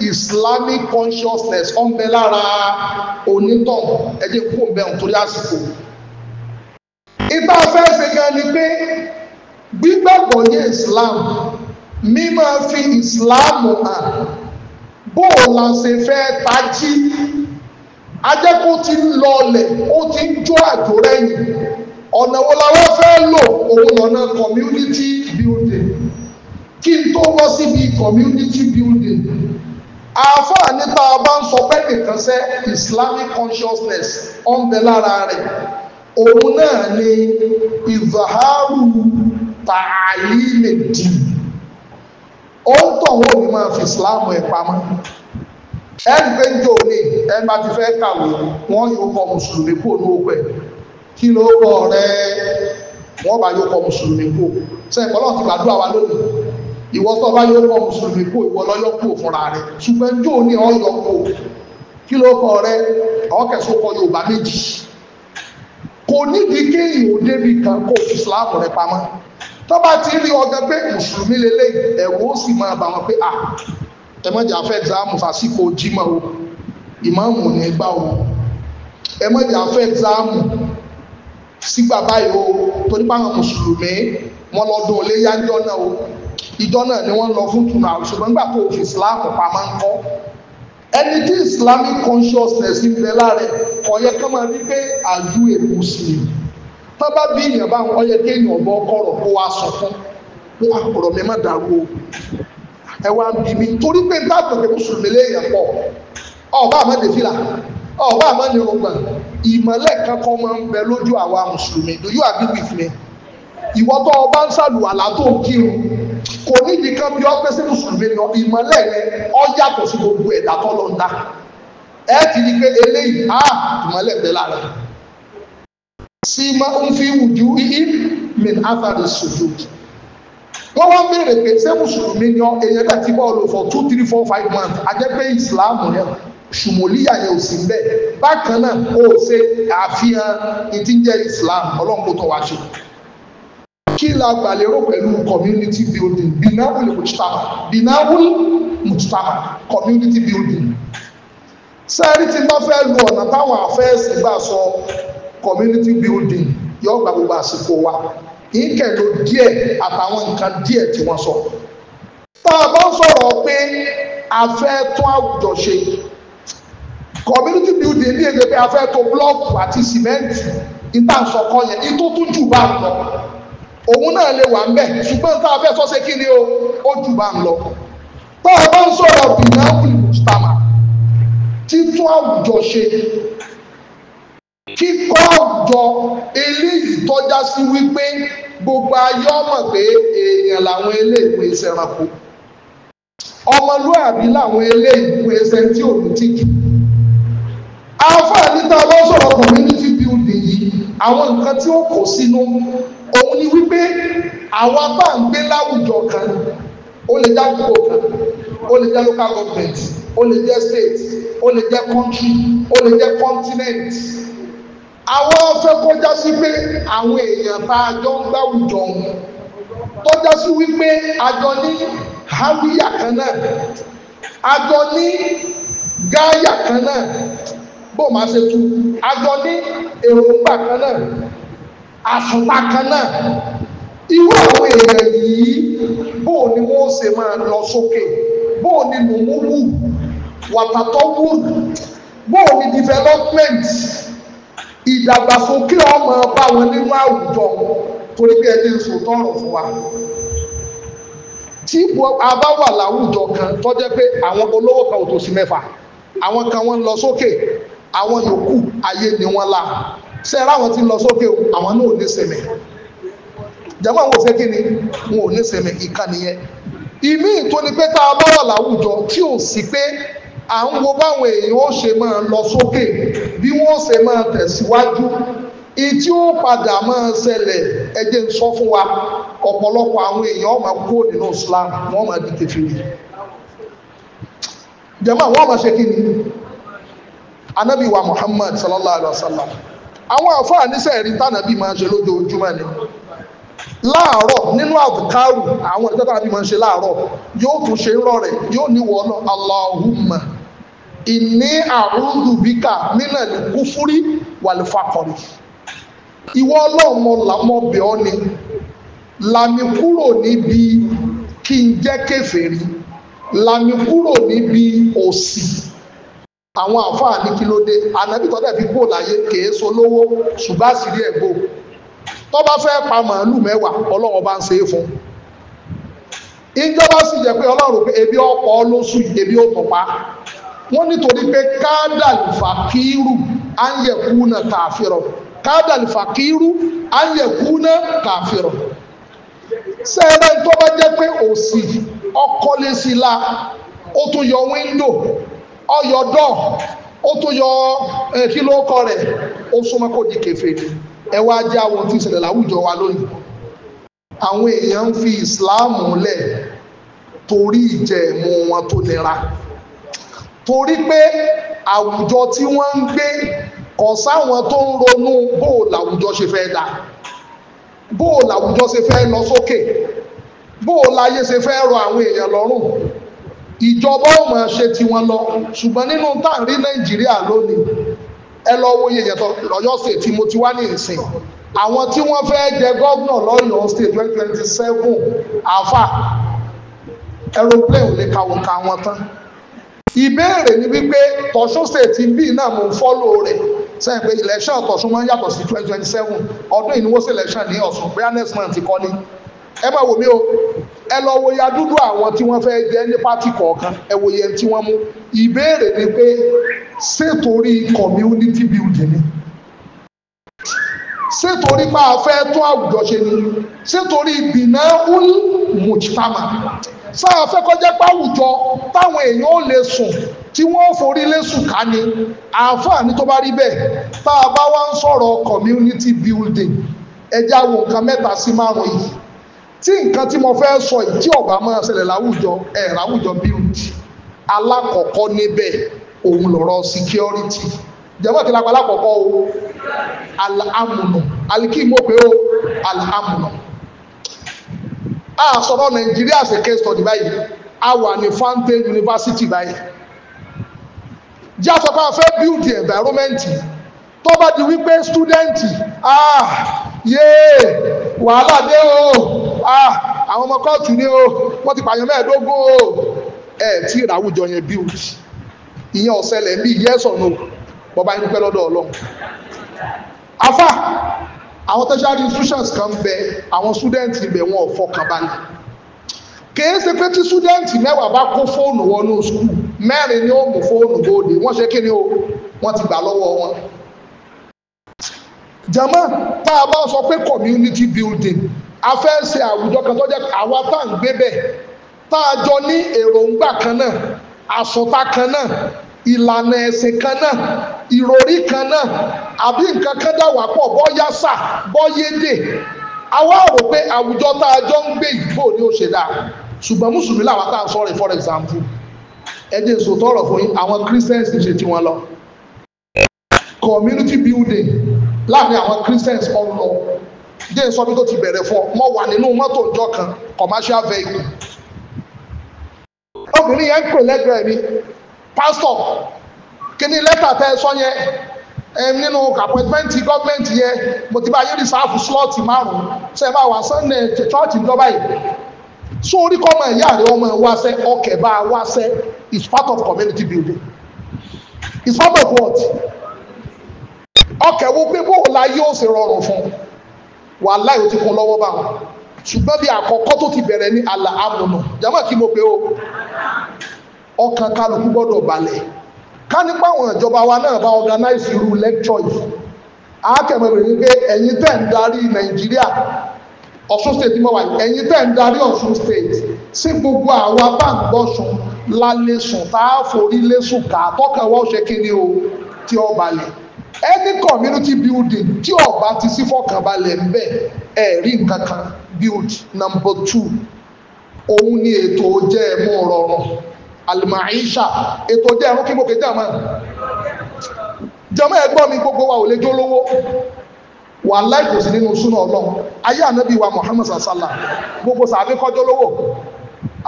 islamic consciousness ọ̀nbẹ lára onítàn ẹ̀jẹ̀ kú ọ̀nbẹ nítorí àsìkò. ìta fẹ́ ṣe gan ni pé gbígbàgbọ́ yé islam mímọ́ fi islam hàn bóò la ṣe fẹ́ tají ajẹ́kó ti ń lọlẹ̀ ó ti ń jó àjò rẹ̀yìn ọ̀nà wo la wọ́n fẹ́ lò òun lọ́nà community building kí n tó wọ́ síbi community building àáfàá nípa bá ń sọ pé nìkan sẹ́ islamic consciousness ọ̀nbẹ lára rẹ̀ òun náà ni ìzàhárù tààlí lè dì ó ń tọ̀wọ́ òní máa fi islam ẹ̀ pamọ́ ẹni pé ń jò ní ẹni bá ti fẹ́ kàwé wọ́n yóò kọ mùsùlùmí kò ní ó pẹ̀ kí ló kọ rẹ wọ́n bá yóò kọ mùsùlùmí kò sẹ́yìn pọ́lọ́ gbàdúrà wa lónìí ìwọ tó bá yóò kọ́ mùsùlùmí kó ìwọ lọ́yọ́ kó fúnra rẹ̀ ṣùgbọ́n jó ní ọyọ kó kí ló kọ rẹ ọkẹ̀sọ́ kọ Yorùbá méjì kò nídìí kéèyàn ò débi kan kó Islam rẹ pamọ́ tó bá ti rí ọgbẹ́ pé mùsùlùmí lélẹ̀ ẹ̀wọ́ ó sì máa bá wọn pé à ẹ mọ̀jà afẹ́ exam fàṣíkò jimá o ìmáàmù ní gbà o ẹ mọ̀jà afẹ́ exam sígbà báyìí o torí pàwọn mùsùlùmí wọn lọ́dún iléyà ńjọ́ náà ìjọ náà ni wọ́n lọ fún tùnú àwọn ṣùgbọ́n nígbà tó fi islam pamọ́ ń kọ́ ẹni tí islamic consciousness ń bẹ lára kò yẹ ká máa rí pé are you a muslim tó bá bí èèyàn bá ń kọ́ yẹ kéèyàn ọmọ ọkọ̀rọ̀ kó wá sọ fún pé àkọ̀rọ̀ ah, mi má dàrú o ẹ wá ń bí mi torí pé dáàbò pé mùsùlùmí léèyàn pọ̀ ọba àmọ́dé fìlà ọba àmọ́dé rògbà ìmọ̀lẹ̀ kankan máa ń bẹ lójú àwa mùsùlùmí do you agree with me? ìwọ tó o bá ń ṣàlùwàlá tó kírun kò ní ìdí kan bí ọpẹ sí mùsùlùmí lọ ìmọ́lẹ̀ rẹ ọ yàtọ̀ sí gbogbo ẹ̀dá tó lọ ń dá ẹ ti di pé eléyìí á ìmọ́lẹ̀ bẹ lára sí máa ń fi wùjú yìí min afari sujud wọ́n wá béèrè pé ṣé mùsùlùmí yan èèyàn náà ti bọ́ọ̀lù for two three four five months ajẹ́pẹ́ islam yẹn ṣùmọ̀lìyà yẹn ò sí bẹ́ẹ̀ bákan náà ó ṣe àfihàn ìdíjẹ́ islam ọlọ́run kò tán wá ṣe kí la gbà lérò pẹ̀lú community building binawul mujtama binawul mujtama community building sẹ́ẹ̀rí tí n bá fẹ́ lu ọ̀nà táwọn àfẹ́ẹ̀sì bá sọ community building yóò gba gbogbo àsìkò wa kì í kẹ̀lò díẹ̀ àtàwọn nǹkan díẹ̀ tí wọ́n sọ. tá a bá ń sọ̀rọ̀ pé a fẹ́ tún àwùjọ ṣe community building ní èdè pé a fẹ́ tò blọọkù àti sìmẹ́ǹtì ìtànsọ̀kọ yẹn ìtò tún jù bá lọ òun náà lè wà ń bẹ̀ ṣùgbọ́n tá a fẹ́ sọ́sẹ́ kí ni o ó jù bá ń lọ tá a bá ń sọ̀rọ̀ bìnáwùlì mùsùtàmà títún àwùjọ ṣe kíkọ́ àwùjọ eléyìí tọ́já sí wípé gbogbo ayé ọmọ pé èèyàn làwọn eléèwé ṣẹranko ọmọlúàbí làwọn eléèwé ṣẹ tí òun ti kì àǹfààní tá bá sọ̀rọ̀ community building yìí àwọn nǹkan tí ó kó sínú òun ni wípé àwa bá ń gbé láwùjọ kan ó lè já gbogbo kan ó lè jẹ́ local government ó lè jẹ́ state ó lè jẹ́ country ó lè jẹ́ continent àwọn fẹ́ kọjá sí pé àwọn èèyàn bá a jọ ń gbáwùjọ wọn tọ́já sí wípé àjọ ní háríyà kan náà àjọ ní gáyà kan náà bó máa ṣe tu àjọ ní èròǹgbà kan náà àsùnpá kan náà irú àwọn èèyàn yìí bóò ni wọ́n ṣe máa lọ sókè bóò ni nùmúwù wàtàtọ́wù bóò ni development ìdàgbàsókè ọmọ bá wọn nínú àwùjọ torí pé ẹni sòtọ́ ọ̀rọ̀ fún wa tí a bá wà láwùjọ kan tó jẹ́ pé àwọn olówó kan ò tó sí mẹ́fà àwọn kan wọ́n lọ sókè àwọn yòókù ayé ni wọ́n la. ṣe ráwọn tí ń lọ sókè àwọn náà ní sinmi jàmọ́ àwọn òṣèké ni wọn ò ní sinmi ìkànnì ìmí ni pé tá a bá wà láwùjọ tí ò sí pé à ń wo báwọn èèyàn ó ṣe máa lọ sókè bí wọ́n ó ṣe máa tẹ̀síwájú ìtí ó padà máa ṣẹlẹ̀ ẹ ń sọ fún ọ̀pọ̀lọpọ̀ àwọn èèyàn ọmọ kúrò nínú Islam wọn máa di àwọn ọmọ ṣe kí ni Muhammad àwọn àfáàní sẹ́ẹ̀rí tànàbí máa ń ṣe lójoojúmọ́ ni láàárọ̀ nínú àbùkárù àwọn ìjọba tànàbí máa ń ṣe láàárọ̀ yóò tún ṣe rọ yóò ní wọ́n náà Allahumma inni a'udhu bika minal kufuri wal faqri ìwọ ọlọ́mọ làmọ́bẹ̀ ọ́ ni làmì kúrò níbi kí n jẹ́ kèfèrí làmì kúrò níbi òṣì àwọn àfáà ní kí ló dé ànábì tọ́tẹ̀ fi kúrò láyé kèé so lówó ṣùgbọ́n àṣírí ẹ̀ gbò tó bá fẹ́ pa màálù mẹ́wàá ọlọ́run bá ń ṣe é fún ìjọba sì jẹ́ pé ọlọ́run pé ebi ọ̀pọ̀ lóṣù ebi ó tún pa wọ́n nítorí pé kádàlùfà kírù á ń yẹ̀kú náà kàfírọ̀ kádàlùfà kírù á ń yẹ̀kú náà kàfírọ̀ sẹ́ẹ̀rẹ́ tó bá jẹ́ pé òṣì ọkọ̀ lé sí la ó tún yọ wíńdò ọyọ dọ ó tó yọ kí ló kọ rẹ ó súnmọ́ kó di kèfèrí ẹ wá jẹ́ àwọn tí ìṣẹ̀lẹ̀ láwùjọ wa lónìí àwọn èèyàn ń fi ìsìláàmù lẹ̀ torí ìjẹ̀mú wọn tó nira torí pé àwùjọ tí wọ́n ń gbé kò sáwọn tó ń ronú bó làwùjọ ṣe fẹ́ dà bó làwùjọ ṣe fẹ́ lọ sókè bó láyé ṣe fẹ́ rọ àwọn èèyàn lọ́rùn ìjọba ò máa ṣe tiwọn lọ ṣùgbọ́n nínú táàrí nàìjíríà lónìí ẹ lọ wo iye yẹtọ lọ́yọ́ state tí mo ti wá ní ìsìn àwọn tí wọ́n fẹ́ jẹ gómìnà lọ́yọ́ state twenty twenty seven àfà aeroplane lè kàwọn ka wọn tán ìbéèrè ni wípé tọ̀ṣun state bíi náà mo ń fọ́lò rẹ̀ sẹ́yìn pé election tọ̀ṣun máa ń yàtọ̀ sí twenty twenty seven ọdún ìníwó sí election ní ọ̀ṣun bóyá next month kọ́ ni ẹ bá wò mí o ẹ lọ wo ya dúdú àwọn tí wọ́n fẹ́ẹ́ jẹ ní pátì kọ̀ọ̀kan ẹ wo yẹn tí wọ́n mú ìbéèrè ni pé ṣètòrí community building ni ṣètòrí pa àfẹ́ tó àwùjọ ṣe ni ṣètòrí ìgbìnà ul mujtama sáà fẹ́ kọjá páwùjọ táwọn èèyàn ò lè sùn tí wọ́n forí lẹ́sùn ká ni àǹfààní tó bá rí bẹ́ẹ̀ tá a bá wá ń sọ̀rọ̀ community building ẹ já wo nǹkan mẹ́ta sí márùn yìí tí nǹkan tí mo fẹ́ sọ yìí tí ọ̀bà máa ṣẹlẹ̀ láwùjọ ẹ̀ láwùjọ build alákọ̀ọ́kọ́ níbẹ̀ òun lọ̀rọ̀ security jẹ́wọ́ kí lápá alákọ̀ọ́kọ́ o alhamunu alikimo pé o alhamunu a sọ̀rọ̀ Nàìjíríà ṣe case study báyìí a wà ní Fountain University báyìí jẹ́ àsọpá fẹ́ build the environment tó bá di wípé student ah yéé wàhálà dé o ah àwọn ọmọ kóòtù ni o wọ́n ti pààyàn mẹ́ẹ̀ẹ́dógún o ẹ̀ tí ìràwùjọ yẹn bí o ìyẹn ọ̀sẹ̀lẹ̀ ń bí yes or no bọ́ba yín pẹ́ lọ́dọ̀ ọlọ́run afa àwọn tertiary institutions kan bẹ àwọn students ibẹ̀ wọn ò fọkàn balẹ̀ kìí ṣe pé tí students mẹ́wàá bá kó fóònù wọnú school mẹ́rin ni ó mú fóònù bóde wọ́n ṣe kí ni o wọ́n ti gbà lọ́wọ́ wọn jama tá a bá sọ pé community building a fẹ́ ṣe àwùjọ kan tó jẹ́ àwa tá à ń gbé bẹ̀ tá a jọ ní èròǹgbà kan náà àsọ̀tá kan náà ìlànà ẹ̀sìn kan náà ìròrí kan náà àbí nǹkan kan dà wá pọ̀ bọ́yá sà bọ́yédè àwa rò pé àwùjọ tá a jọ ń gbé ìgbò ní òṣèlá ṣùgbọ́n mùsùlùmí làwọn tá à ń sọ̀rọ̀ for example ẹjẹ sòtọ́ ọ̀rọ̀ fún yín àwọn Christians ti ṣe tí wọ́n lọ community building láàrin àwọn Christians ọ̀rọ̀ jẹ́ ìsọ́bí tó ti bẹ̀rẹ̀ fún ọ mọ́ wà nínú mọ́tò ìjọ kan commercial vehicle obìnrin yẹn ń pè lẹ́gbẹ̀ẹ́ mi pásítọ̀ kí ni lẹ́tà tẹ́ ẹ sọ yẹn nínú àpọ̀tmẹ́ǹtì gọ́ọ̀mẹ́ǹtì yẹn mo ti bá yé rìsáàfù slọ́ọ̀tì márùn-ún ṣe bá wà sunday chọ́ọ̀chì ìjọba yìí so orí kọ́ ọmọ ìyá rẹ ọmọ wáṣẹ ọkẹ̀ bá wáṣẹ is part of community building is part of what ọkẹ̀ wo pé bóòlá yóò ṣe rọrùn fún un wàláhì ó ti kún lọ́wọ́ bá wọn ṣùgbọ́n bí àkọ́kọ́ tó ti bẹ̀rẹ̀ ní àlà àmùnà jàmọ́ kí mo pe o ọkàn kálukú gbọ́dọ̀ balẹ̀ ká nípa àwọn ìjọba wa náà bá organize irú lecture yìí àákẹ́mẹ̀rẹ̀ wípé ẹ̀yin tẹ̀ ń darí nàìjíríà ọ̀ṣun state mọ̀ wáyé ẹ̀yin tẹ̀ ń darí ọ̀ṣun state sí gbogbo àwọn abáǹgbọ̀sùn lálẹ́sùn tá a forí lẹ́sùn kà á tọ́kàn wọ́n ṣe kí ni o tí ó balẹ̀ any community building tí ọba ti sí fọkànbalẹ̀ ń bẹ ẹ̀ rí nǹkan kan build number two òun ni ètò jẹ́ ẹ̀mú rọrùn alimaisha ètò jẹ́ ẹ̀rún kíkókè jàmá jàmá ẹ̀gbọ́n mi gbogbo wa ò lè jólówó wà láìpò sí nínú súnà ayé wa Muhammad Asala, gbogbo sàbí lówó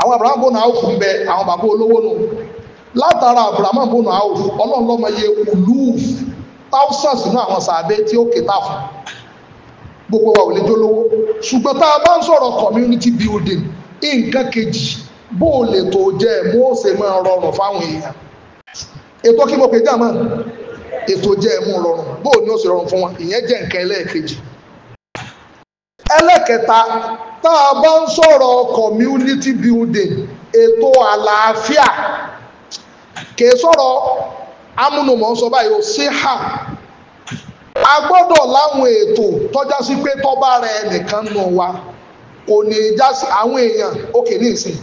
àwọn abrahamu bò náà bẹ àwọn bàbá olówó nù látara abrahamu bò náà thousands nínú àwọn sàbẹ tí ó kéta fún gbogbo wa ò lè jólówó ṣùgbọ́n tá a bá ń sọ̀rọ̀ community building nǹkan kejì bó o lè tó jẹ́ mú ó ṣe máa rọrùn fáwọn èèyàn ètò kí mo pè jà mọ́ ètò jẹ́ mú rọrùn bó o ní ó ṣe rọrùn fún wọn ìyẹn jẹ́ nǹkan ẹlẹ́ẹ̀kejì ẹlẹ́kẹta tá a bá ń sọ̀rọ̀ community building ètò àlàáfíà kì í sọ̀rọ̀ amúnú mọ̀ ń sọ báyìí ó ṣe hà a gbọ́dọ̀ láwọn ètò tọ́já sí pé tọ́ba rẹ nìkan nù wa kò ní já sí àwọn èèyàn òkè ní ìsìn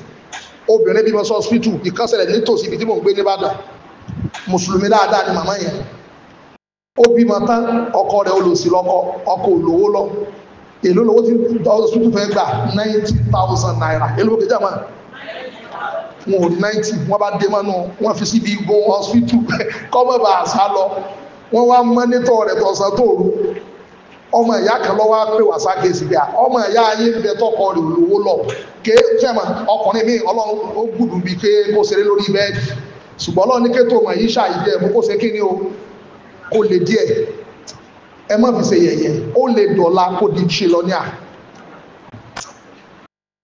obìnrin bímọ sọ hospital ìkànsẹ̀lẹ̀ nítòsí ibi tí mò ń gbé nìbàdàn mùsùlùmí dáadáa ni màmá yẹn ó bímọ tán ọkọ rẹ̀ olùsí lọ́kọ ọkọ olówó lọ èló lówó tí hospital fẹ́ gbà ninety thousand naira èló kejì àmọ́ wọn ò rí náìtì wọ́n bá dé mọ́nú wọ́n fi síbi igbó hospital kọ́mọ̀ bá àṣà lọ wọ́n wá mọ́nítọ̀ rẹ̀ tọ̀sán tóòru ọmọ ìyá kan lọ́wọ́ pé wà sáké síbi à ọmọ ìyá ayé ń bẹ tọkọ rẹ olówó lọ ké fẹ́mà ọkùnrin mi ọlọ́run ó gbùdù bíi pé kó ṣeré lórí bẹ́ẹ̀dì ṣùgbọ́n ọlọ́run ní kétò ọmọ yìí ṣàyíjẹ mú kó ṣe kí ni o kó lè díẹ̀ ẹ má fi ṣe yẹ̀yẹ́ ó lè dọ̀la kó di ṣe lọ ní à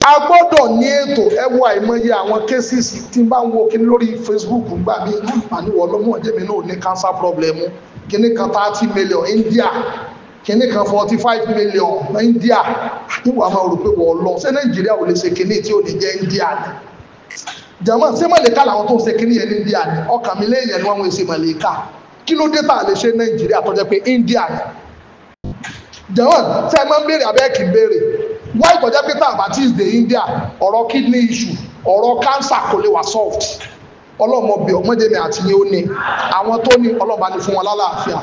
a gbọ́dọ̀ ní ètò ẹ wo àìmọye àwọn kéésìsì tí n bá ń wo kíní lórí Facebook gbà mí àníwọ̀ ọlọ́mọ jẹ́mi náà ní cancer problem kíní kan thirty million India kíní kan forty five million India àníwọ̀ àwọn rò pé wọ́n lọ ṣé Nàìjíríà ò lè ṣe kíní tí ò ní jẹ́ India ni jama ṣé mọ̀lẹ́ka làwọn tó ń ṣe kíní yẹn ní India ni ọkàn mi lẹ́yìn ẹni wọn ń ṣe mọ̀lẹ́ka kí ló dé tá a India ni jama ṣé ẹ máa ń why kò jẹ́ pé tá a bá India ọ̀rọ̀ kidney issue ọ̀rọ̀ cancer kò lè wà solved ọlọ́mọ bíi ọmọdémi àti yẹn ó ní àwọn tó ní ọlọ́ba ní fún wọn lálàáfíà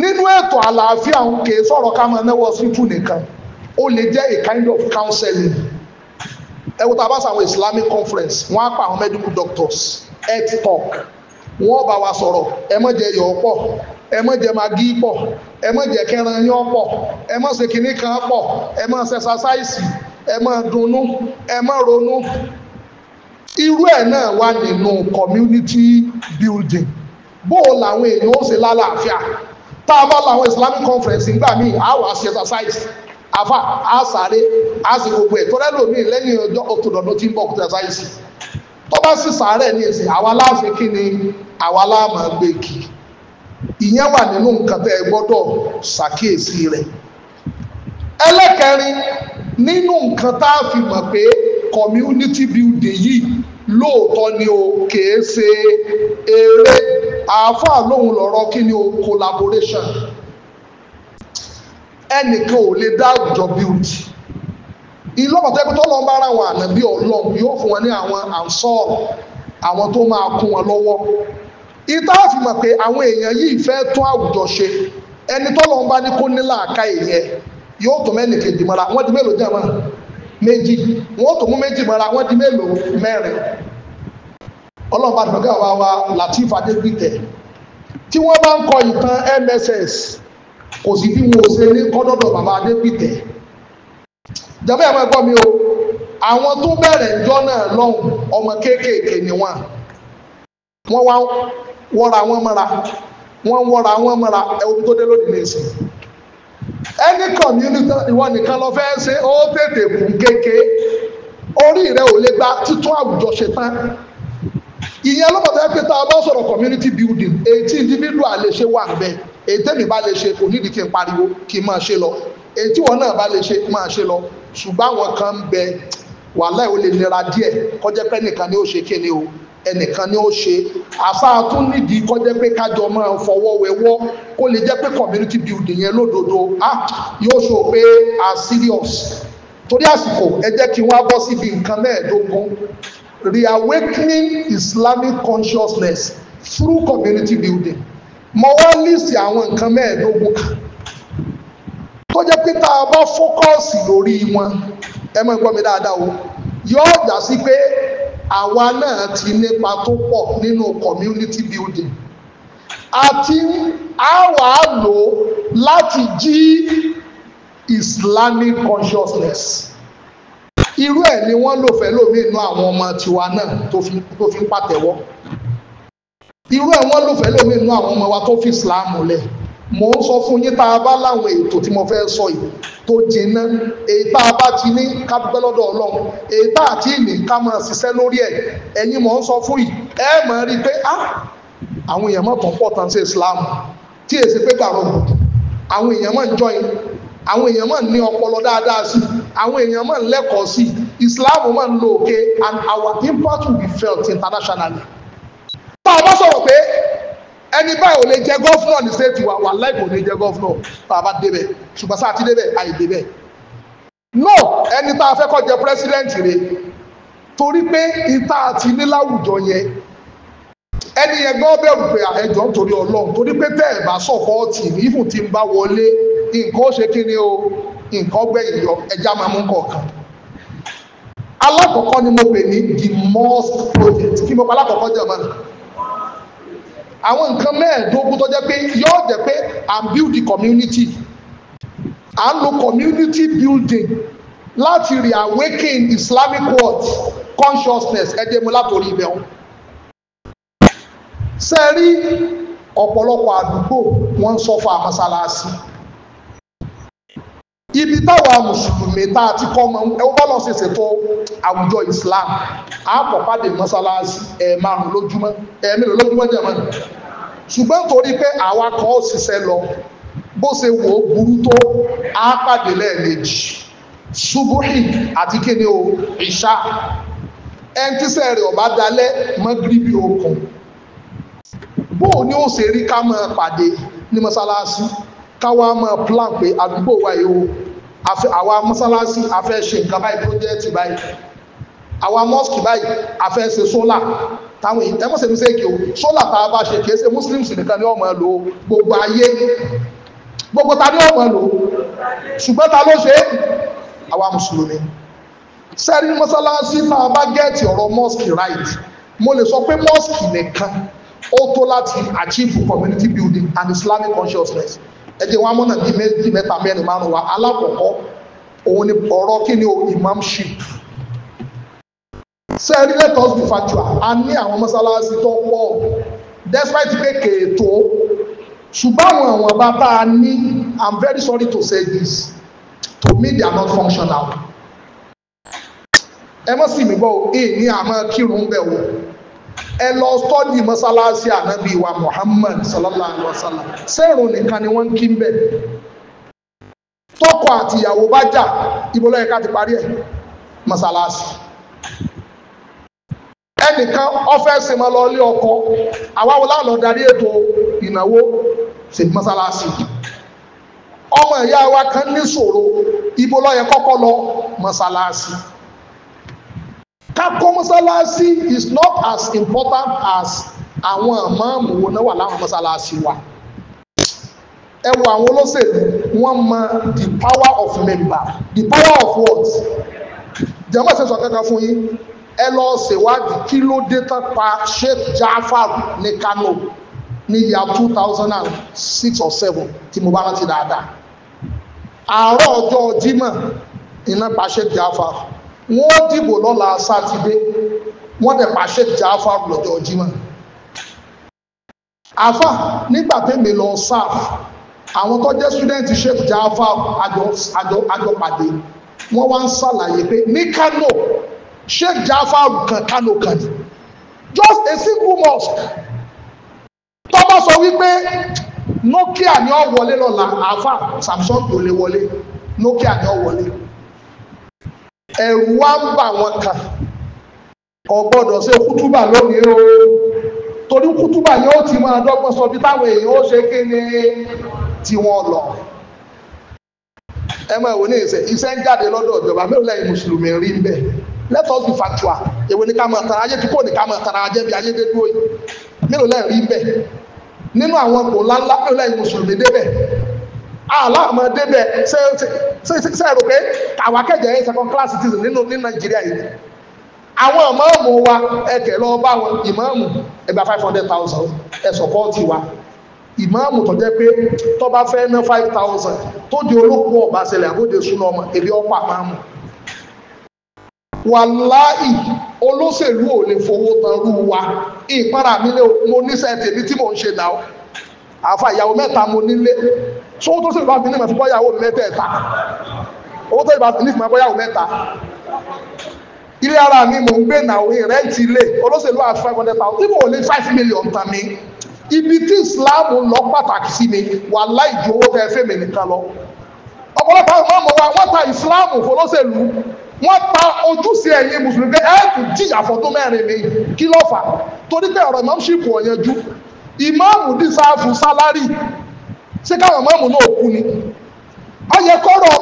nínú ètò àlàáfíà ń ké sọ̀rọ̀ ká máa náwó hospital nìkan ó lè jẹ́ a kind of counseling ẹ wo tá a bá sọ Islamic conference wọ́n á pa àwọn medical doctors health talk wọ́n bá wa sọ̀rọ̀ ẹ mọ̀ jẹ́ yọ̀ ọ́ pọ̀ ẹ má jẹ magi pọ̀ ẹ má jẹ kẹran yán pọ̀ ẹ ṣe kinní kan pọ̀ ẹ ṣẹṣaṣáìsì ẹ dunnú ẹ ronú irú náà wà nínú community building bó o làwọn èèyàn ó ṣe lálàáfíà tá a bá làwọn islamic conference ńgbà míì àfà á sáré á sì gbogbo lómi lẹ́yìn ọjọ́ òtòdọ̀dọ̀ tí ń bọ̀ kúta bá sì sáré ní ni àwa gbé ìyẹn wà nínú nǹkan tẹ́ ẹ gbọ́dọ̀ ṣàkíyèsí rẹ̀ ẹlẹ́kẹrin nínú nǹkan tá a fi mọ̀ pé community building yìí lóòótọ́ ni o kèé ṣe eré àáfàá lòun lọ́rọ́ kí ni o collaboration ẹnìkan ò lè dá àwùjọ build ìlọ́kọ̀tẹ́ pé tọ́lọ́ bá ara wà nàbí ọlọ́run yóò fún wọn ní àwọn àǹsọ́ọ̀rọ̀ àwọn tó máa kún wọn lọ́wọ́ ìta fi mọ̀ pé àwọn èèyàn yìí fẹ́ tún àwùjọ ṣe ẹni tọ́lọ́ ń bá ní kó nílà àká èèyàn yóò tó mẹ́nì kejì mọ́ra wọ́n di mélòó jẹ́ mọ́ra méjì wọ́n tó mú méjì mọ́ra wọ́n di mélòó mẹ́rin ọlọ́mọba àdùnkà wa wa Latif Adégbìtẹ̀ tí wọ́n bá ń kọ ìtàn MSS kò sí bí wọn ò ṣe ní kọ́dọ̀dọ̀ bàbá Adégbìtẹ̀ jàmbá ẹ̀ máa gbọ́ mi o àwọn tó bẹ̀rẹ̀ ìjọ náà lọ́hùn ọmọ kéékèèké ni wọ́n wọ́n wá wọ́ra wọ́n mọ́ra wọ́n wọ́ra wọ́n mọ́ra ẹ̀wọ̀n tó dé lónìí nìyẹn any community ìwọ nìkan lọ fẹ́ ṣe ó tètè kún kéke orí rẹ ò lè gba títún àwùjọ ṣe tán ìyẹn ló bàtà pé tá a bá sọ̀rọ̀ community building èyí tí individual lè ṣe wà bẹ́ẹ̀ èyí tèmi bá lè ṣe kò nídìí kí n pariwo kí n máa ṣe lọ èyí tí wọn náà bá lè ṣe máa ṣe lọ ṣùgbọ́n àwọn kan ń bẹ wàhálà ò nira díẹ̀ kọjá pé nìkan ni ó ṣe kéde o ẹnìkan ni ó ṣe àfáà tún nídìí kó jẹ́ pé kájọ máa ń fọwọ́ wẹwọ́ kó lè jẹ́ pé community building yẹn lódodo ah yóò sọ pé a serious torí àsìkò ẹ jẹ́ kí wọ́n á bọ́ síbi nǹkan mẹ́ẹ̀ẹ́dógún reawakening Islamic consciousness through community building mo wá lísì àwọn nǹkan mẹ́ẹ̀ẹ́dógún kan tó jẹ́ pé tá a bá fọ́kọ́ọ̀sì lórí wọn ẹ mọ̀ ń gbọ́ mi dáadáa o yóò jà sí pé àwa náà ti nípa tó pọ̀ nínú community building àti àwa lò láti jí Islamic consciousness irú ẹ̀ ni wọ́n lò fẹ́ lómi inú àwọn ọmọ tiwa náà tó fi ń pàtẹ́wọ́ irú ẹ̀ wọ́n lò fẹ́ lómi inú àwọn ọmọ wa tó fi Islam lẹ̀ mo ń sọ fún yín tá a bá láwọn ètò tí mo fẹ́ sọ yìí tó jiná èyí tá a bá ti ní ká lọ́dọ̀ ọlọ́run èyí tá a ti ní ká máa ṣiṣẹ́ lórí ẹ̀ ẹ̀yin mo ń sọ fún yìí ẹ máa rí i pé àwọn èèyàn mọ̀ pọ̀ tán sí Islam tí èsì pé bàrọ̀ àwọn èèyàn mọ̀ ń jọyìn àwọn èèyàn mọ̀ ní ọpọlọ dáadáa sí àwọn èèyàn mọ̀ lẹ́kọ̀ọ́ sí Islam mọ̀ ń lo òkè and our impact will be felt internationally. tá a ẹni báyìí ò lè jẹ gọ́fúnà ní state wa wà láì kò ní jẹ gọ́fúnà bàbá débẹ̀ ṣùgbọ́n sáà ti débẹ̀ àì débẹ̀ no ẹni tá a fẹ́ kó jẹ president rẹ torí pé ìta àti ní láwùjọ yẹn ẹni yẹn gbọ́ bẹ̀rù pé ẹjọ́ nítorí ọlọ́run torí pé tẹ́ ẹ̀ bá sọ̀kọ́ọ̀tì ní ìfún tí ń bá wọlé nǹkan ó ṣe kí ni o nǹkan gbẹ̀yìn yọ ẹja máa mú kọ̀ọ̀kan. alákọ̀ọ́kọ́ ni mo pè ní the most project kí mo pa alákọ̀ọ́kọ́ jẹ́ ọ̀mọ́nà àwọn nǹkan mẹ́ẹ̀ẹ́dógún tó jẹ́ pé yóò jẹ́ pé i'm build the community à ń lo community building láti rí awaken islamic world consciousness ẹ̀jẹ̀ mu látòrí ibẹ̀ wọn. sẹ́ẹ̀rí ọ̀pọ̀lọpọ̀ àdúgbò wọ́n ń sọ fún àmọ́sálásí ibi táwa mùsùlùmí tá a ti kọ́ ọmọ ẹ̀wọ́n bá lọ́ọ́ ṣe ṣètò àwùjọ Islam àpọ̀pádé mọ́sálásí ẹ̀ márùn lójúmọ́ ẹ̀ mélòó lójúmọ́ jẹ́ mọ́ ṣùgbọ́n torí pé àwa kan ó ṣiṣẹ́ lọ bó ṣe wò ó burú tó á pàdé lẹ́ẹ̀mejì ṣubúhì àti kíni o ìṣá ẹntíṣẹ́ rẹ̀ ọ̀bá dalẹ̀ mọ́gíríbì okùn bóò ni ó ṣe rí ká máa pàdé ní mọ́sálásí káwa máa plan pé àdúgbò wa yìí o àwa mọ́sálásí a fẹ́ ṣe nǹkan báyìí pírójẹ́tì báyìí àwa mọ́sùkì báyìí a fẹ́ ṣe sólà táwọn èyí ẹ mọ̀sẹ̀ mi ṣe kí o sólà tá a bá ṣe kì í ṣe muslims nìkan ni wọ́n máa lò gbogbo ayé gbogbo ta ni wọ́n máa lò ṣùgbọ́n ta ló ṣe é àwa mùsùlùmí sẹ́rí mọ́sálásí tá a bá gẹ́ẹ̀tì ọ̀rọ̀ mọ́sùkì right mo lè sọ pé mọ́sùkì nìkan ó tó láti achieve community building and islamic consciousness ẹ jẹ́ wọn amúnà bíi méjì mẹ́ta mẹ́rin márùn wa alákọ̀ọ́kọ́ òun ni ọ̀rọ̀ kí ni o imamship sẹ́ẹ̀rí let us be factual a ní àwọn mọ́sálásí tó pọ̀ despite pé kèétó ṣùgbọ́n àwọn àwọn bá bá a ní i'm very sorry to say this to me they are not functional ẹ mọ̀ sí mi gbọ́ ẹ ní àmọ́ kírun bẹ̀ wọ̀. ẹ lọ stọ́dì mọ́sálásí ànábì wa Muhammad sallallahu alaihi wa sallam sẹ́rùn nìkan ni wọ́n kí ń bẹ̀ tọkọ àtìyàwó bá jà ibo ló yẹ ká ti parí ẹ̀ mọ́sálásí ẹnìkan ọfẹ́ sì lọ ilé ọkọ àwáwo láàlọ́ darí ètò ìnáwó sí mọ́sálásí ọmọ ìyá wa kan níṣòro ibo ló yẹ kọ́kọ́ lọ mọ́sálásí. kákó mọ́sálásí is not as important as àwọn àmọ́ọ̀mù wo náà wà láwọn mọ́sálásí wa ẹ wo àwọn olóṣèlú wọ́n mọ the power of member the power of words. jẹ́mọ́ ṣe sọ kankan fún yín ẹ lọ ṣèwádìí kí ló dé tán pa Sheikh Jaafar ní Kano ní ìyá two thousand and six or seven tí mo bá rántí dáadáa àárọ̀ ọjọ́ Jímọ̀ iná pa Sheikh Jaafar wọ́n dìbò lọ́la sátidé wọ́n dẹ̀ pàṣẹ ìjà afa lọ́jọ́ jimá afa nígbà tẹ́mi lọ sáf àwọn tó jẹ́ student sheikh jaafa àjọpàdé wọ́n wá ń ṣàlàyé pé ní kano sheikh jaafa kan kano kan ni just a single mosque tó bá sọ wípé nokia ni ó wọlé lọ́la afa samsung kò lè wọlé nokia ni ó wọlé ẹ̀rù wá ń bà wọ́n kàn kò gbọ́dọ̀ kútúbà lónìí o torí kútúbà yóò ti máa dọ́gbọ́n sọ bí táwọn èèyàn ó ṣe kí ni tí wọ́n lọ ẹ máa wò ní ìṣe iṣẹ́ ń jáde lọ́dọ̀ ìjọba mélòó lẹ́yìn mùsùlùmí rí bẹ́ẹ̀ let us be factual èwo ni ká máa tara ajé tí kò ní ká máa tara ajé bí ayé dé dúró yìí mélòó lẹ́yìn rí bẹ́ẹ̀ nínú àwọn kò ńláńlá mélòó lẹ́yìn mùsùlùmí débẹ̀ aláàmọ́ débẹ̀ ṣe rò pé tàwa kẹjẹ ẹ̀ second class citizen nínú ní nàìjíríà yìí àwọn ìmáàmù wa ẹ̀kẹ́ lọ bá wọn ìmáàmù ẹgbà five hundred thousand ẹ̀ sọ̀pọ́ọ̀tì wa ìmáàmù tó jẹ́ pé tó bá fẹ́ ná five thousand tó di olóko ọ̀bá ṣẹlẹ̀ àbóde súná ọmọ èdè ọ̀pá máàmù wàláì olóṣèlú ò lè fowó tan rú wa ìpara mi lé mo níṣẹ́ tèmi tí mò ń ṣe náà àfa ìyàwó mẹ́ta mo nílé so owó tó sì bá fi ní ìmọ̀fún bọ́yàwó mẹ́tẹ̀ẹ̀ta owó tó sì bá fi ní ìmọ̀ bọ́yàwó mẹ́ta ilé ara mi mò ń gbé nàwó rẹ́ǹtì ilé olóṣèlú àti five hundred thousand ibo ò lé five million tán mi ibi tí Islam lọ pàtàkì sí mi wà láì ju owó tẹ fẹ́ mi nìkan lọ ọ̀pọ̀lọpọ̀ àwọn ọmọ wa wọ́n ta Islam fọlọ́ṣèlú wọ́n ta ojúṣe ẹ̀yin mùsùlùmí pé ẹ̀ kò jìyà fọ́tún mẹ́rin mi kí ló fà torí pé ọ̀rọ̀ ìmọ̀ọ́ṣìpù ọ̀yanjú ìmáàmù dísáàfù sálárì ṣé káwọn mọ́mù náà kú ni ó yẹ kọ́rọ̀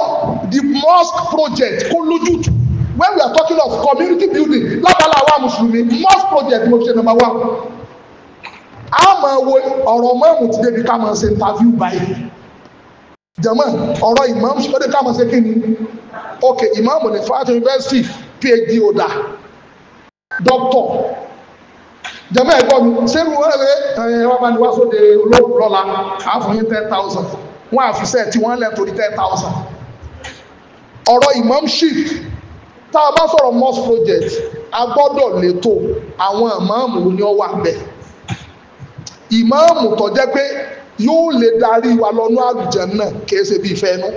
the mosque project kó lójútù when we are talking of community building lábala àwa mùsùlùmí mosque project mo ṣe number one a máa wo ọ̀rọ̀ mọ́mù ti débi ká máa ṣe interview báyìí jẹ̀mọ́ ọ̀rọ̀ ìmáàmù ṣe débi ká máa ṣe kí ni ok ìmáàmù ní fat university phd oda doctor jama ẹgbọ mi sẹbi wọn rẹ ẹ wọn bá ní wá sóde olóògùn lọ́la àfọyín ten thousand wọn àfisẹ tí wọn lẹ torí ten thousand ọ̀rọ̀ imamship tá a bá sọ̀rọ̀ mosque project a gbọ́dọ̀ létò àwọn ìmáàmù ni ó wà bẹ́ẹ̀ ìmáàmù tó jẹ́ pé yóò lè darí wa lọ́nà àlùjẹ́ náà kìí ṣe bí ìfẹ́ nú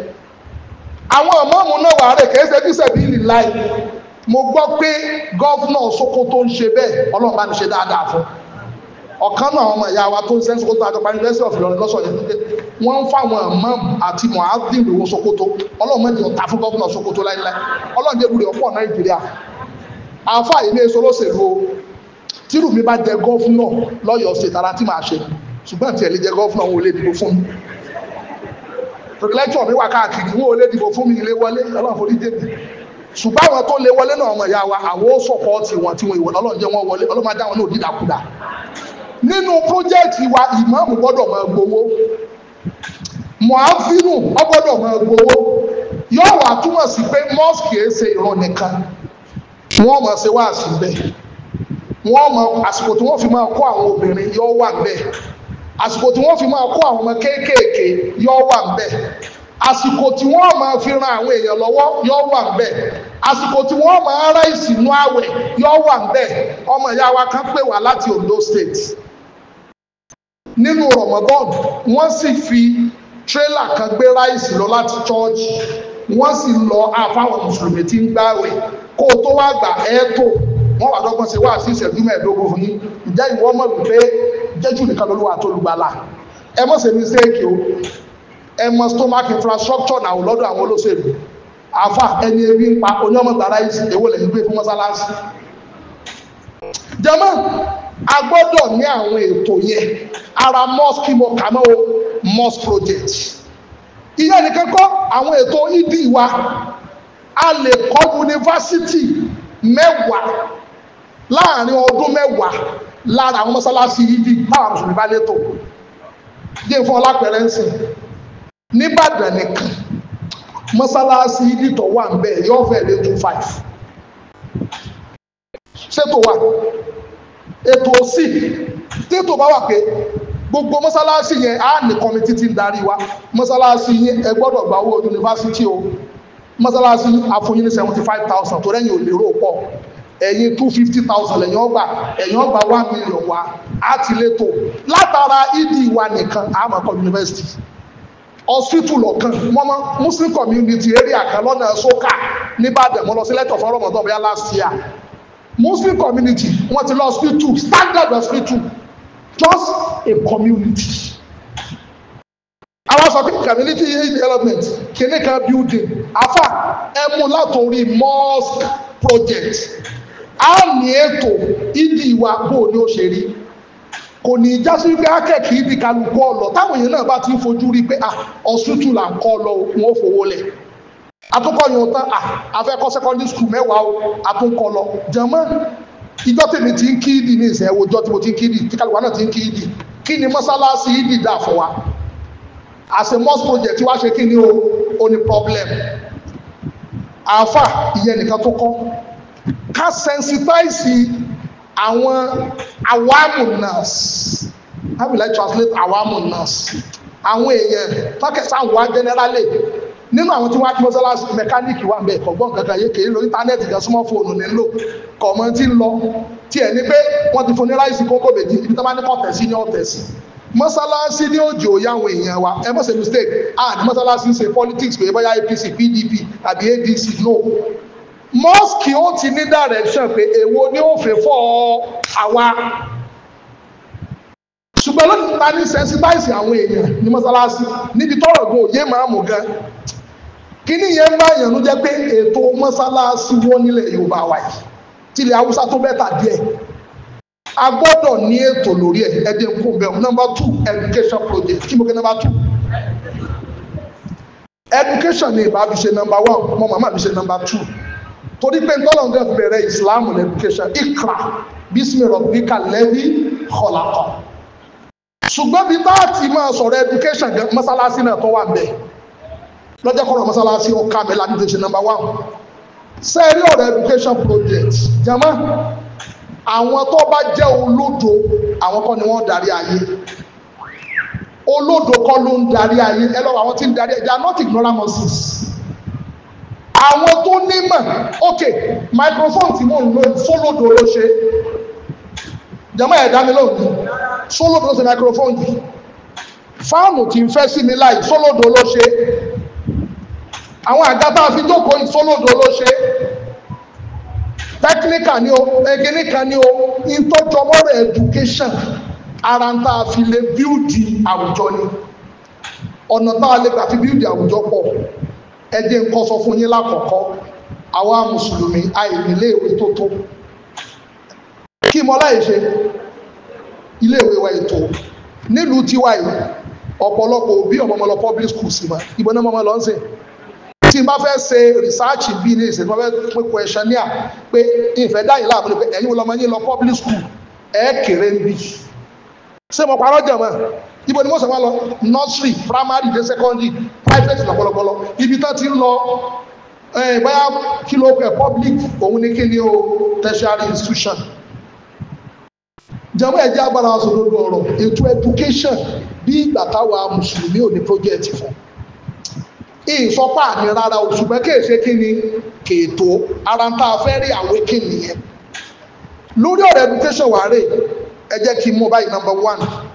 àwọn ìmáàmù náà wà rẹ̀ kìí ṣe bí sẹ̀bí ìlì láì mo gbọ́ pé gọ́fúnà Sokoto ń ṣe bẹ́ẹ̀ ọlọ́run bá mi ṣe dáadáa fún ọ̀kan náà ọmọ ìyá wa tó ń sẹ́ńsì Sokoto àjọpá university of Ìlọrin lọ́sọ̀ yẹn nílé wọ́n ń fáwọn ọmọ àti mohadin ìlú Sokoto ọlọ́run mọ̀ ní ọ̀tá fún gọ́fúnà Sokoto láíláí ọlọ́run yẹn lórí ọ̀pọ̀ Nàìjíríà àfa ilé èso lóṣèlú o tírù mi bá jẹ gọ́fúnà lọ́yọ̀ọ́ ṣe tara tí màá ṣe ṣùgbọ́n tí ẹ̀ lè jẹ gọ́fúnà wọn ò lè dìbò fún mi lẹ́tọ̀ mi wà káàkiri wọn ò lè dìbò fún mi ilé wọlé ọlọ́run forí dèbì ṣùgbọ́n àwọn tó lè wọlé náà ọmọ ìyá wa àwọn ó sọ̀pọ̀tì wọn tí wọn ìwọ̀n ọlọ́run jẹ́ wọn wọlé ọlọ́run adá wọn náà dídàkudà nínú pírójẹ́ẹ̀tì wa ìmáàmù gbọ́dọ̀ máa gbowó mọ̀áfínù ọgbọ́dọ̀ máa gbowó yóò wá túmọ̀ sí pé mọ́ọ̀sì kìí ṣe ìrọ̀ nìkan wọ́n máa ṣe wáàsí bẹ́ẹ̀ wọ́n mọ àsìkò tí wọ́n fi máa kọ́ àwọn obìnrin yóò wà ń àsìkò tí wọ́n fi máa kọ́ àwọn ọmọ kéékèèké yóò wà ń àsìkò tí wọ́n máa fi ran àwọn èèyàn lọ́wọ́ yóò wà ń àsìkò tí wọ́n máa ra ìsìnú àwẹ̀ yọ wà ńbẹ̀ ọmọ ìyá wa kan pè wá láti Ondo State nínú Ramadan wọ́n sì fi tírélà kan gbé ráìsì lọ láti chọ́ọ̀chì wọ́n sì lọ àfáwọn mùsùlùmí tí ń gbàwẹ̀ kó o tó wá gbà ẹ́ tó wọ́n wà dọ́gbọ́n ṣe wá sí ìṣẹ́jú mẹ́ẹ̀ẹ́dógún fún yín ǹjẹ́ ìwọ mọ̀ wípé jẹ́jú nìkan lolúwa tó lùgbàlà ẹ mọ̀ ṣe mistake o ẹ mọ̀ stomach infrastructure náà lọ́dọ̀ àwọn olóṣèlú Afa ẹni ebi ń pa onímọ̀ gbàrá yìí èwo lẹ́yìn gbé fún mọ́sálásí. jẹ́mọ́ a gbọ́dọ̀ ní àwọn ètò yẹn ara mosque mo kà mọ́ o mosque project ìyẹn nìkan kọ́ àwọn ètò ìdí wa a lè kọ́ yunifásitì mẹ́wàá láàrin ọdún mẹ́wàá lára àwọn mọ́sálásí yìí báwa mùsùlùmí bá lẹ́tọ̀ yé fún ọlápẹ̀rẹ́ ń sìn níbàdàn nìkan mọ́sálásí lítọ̀ wà ń bẹ̀ yóò fẹ́ lé two five ṣètò wà ètò sí tètò bá wà pé gbogbo mọ́sálásí yẹn á ní kọ́mítì tí ń darí wa mọ́sálásí yẹn ẹ gbọ́dọ̀ gba owó yunifásitì o mọ́sálásí àfọyín ní seventy five thousand tó rẹ́yìn ò lè rò two fifty thousand lẹ́yìn ọgbà ẹ̀yin ọgbà one million wa á ti lé tó látara ìdí e wa nìkan àmọ́kọ́ yunifásitì hospital ọ̀kan mọ́mọ́ muslim community area kan lọ́nà sókà nìbàdàn mo lọ sí lẹ́tọ̀ fún ọlọ́mọdé ọ̀bẹ́yà last year muslim community wọ́n ti lọ hospital standard hospital just a community àwọn sọ pé community development kìnnì kan building afa ẹ mú látòrí mosque project a ní ètò ìdí ìwà bò ní ó ṣe rí kò ní í jásí pé akẹ́kì ibi kálukú ọ̀lọ́ táwọn èèyàn náà bá ti ń fojú rí pé ọ̀sùtù ah, là ń kọ́ lọ wọn ò fowó lẹ̀ atúkọ̀ yìí tán àfẹ́kọ́ ah, secondary school mẹ́wàá o atúkọ̀ lọ jẹ̀mọ́ ìjọ tèmi ti ń kí ìdì ní ìsìn ẹ̀wò ìjọ tí mo ti ń kí ìdì tí kálukú náà ti ń kí ìdì kí ni mọ́sálásí ìdì dà fún wa as a mosque project wá ṣe kí ni o ó ní problem àáfà ìyẹn nìkan tó kọ́ ká sensitize àwọn awamunas. How will I translate awamunas? nas àwọn èèyàn tọ́kẹ̀sí àwọn wa generally nínú àwọn tí wọ́n á ti mọ́sálásí mẹkáníìkì wà bẹ́ẹ̀ kọ̀gbọ́n kankan yé kéé lo íńtánẹ́ẹ̀tì gan súnmọ́ fóònù ní lò kọ̀mọ́ tí ń lọ tiẹ̀ ní pé wọ́n ti fún ní láìsí kókó bèjì ibi tó bá ní kọ̀ tẹ̀sí ní ọ̀tẹ̀sí mọ́sálásí ní òjò yáwọn èèyàn wa ẹ mọ̀ ṣe mistake àti mọ́sálásí ń ṣe politics pé bóyá APC PDP àbí ADC no mosque ó ti ní direction pé èwo ni ó fẹ́ fọ́ àwa ṣùgbọ́n lónìí ta ní sensitize àwọn èèyàn ní mọ́sálásí níbi tọ́rọ̀ gbọ́ òye màámù gan kíní yẹn bá èèyàn ló jẹ́ pé ètò mọ́sálásí wọ́n nílẹ̀ Yorùbá wa yìí tilẹ̀ Haúsá tó bẹ́tà díẹ̀ a gbọ́dọ̀ ní ètò lórí ẹ̀ ẹ jẹ́ kó bẹ̀rù number two education project kí mo kẹ́ number two education ni ìbá fi ṣe number one mo màmá fi ṣe number two torí pé ntọ́lọ̀ ń gẹ́gẹ́ bẹ̀rẹ̀ islam education ikra bísí rọ̀bíkà lẹ́bí kọ̀làkọ̀ ṣùgbọ́n bí bá ti máa sọ̀rọ̀ education masalasi náà tó wà ń bẹ̀ lọ́jọ́ kọ́rọ̀ mọ́sálásí ọ̀ka mi láti tẹ̀sí number one sẹ́ẹ̀rí ọ̀rọ̀ education project jama àwọn tó bá jẹ́ olódo àwọn kọ́ ni wọ́n darí ayé olódo kọ́ ló ń darí ayé ẹ lọ́wọ́ àwọn tí ń darí ẹ̀ they are not ignorant ignoramuses àwọn tó nímọ̀ ok microphone tí mò ń lo sólódò ló ṣe jẹ́mọ́ ẹ̀dá mi lóòótọ́ sólódò ló ṣe microphone yìí fáànù tí ń fẹ́ sí mi láì sólódò ló ṣe àwọn àga tá a fi jókòó yìí sólódò ló ṣe technical ni o ekinika ni o ìtọ́jọmọ́rọ̀ education ara ń tá a fi lè bíúdì àwùjọ ni ọ̀nà tá a lè gbà fi bíúdì àwùjọ pọ̀ ẹ jẹ́ nǹkan sọ fún yín lákọ̀ọ́kọ́ àwa mùsùlùmí àìnílé ìwé tó tó kí mo láì ṣe ilé ìwé wa ètò nílùú tiwa yìí ọ̀pọ̀lọpọ̀ òbí ọmọ ọmọ lọ public school sí ma ìbọn náà mọ́mọ́ lọ ń sè tí n bá fẹ́ ṣe rìsáàchì bíi ní ìsìn tí wọ́n fẹ́ pín kwẹsánìà pé ìfẹ́ dáyìn láàbùn pé ẹ̀yin lọmọ yín lọ public school ẹ̀ ń bì ṣé mo parọ́ jẹ̀ ibo ni mo sọ wá lọ nursery primary dé secondary private lọ́pọ̀lọpọ̀lọ ibi tán ti ń lọ bóyá kí ló pẹ̀ public òun ni kí ni o tertiary institution jẹ́mọ́ ẹ̀jẹ̀ agbára wa sọ̀rọ̀ ọ̀rọ̀ ètò education bí ìgbà táwa mùsùlùmí ò ní project fún ìsọpá àmì rárá o ṣùgbọ́n kéèṣe kí ni kèètò ara ń tá a fẹ́ rí àwé kí nìyẹn lórí ọ̀rọ̀ education wàá rè ẹ jẹ́ kí n mú báyìí number one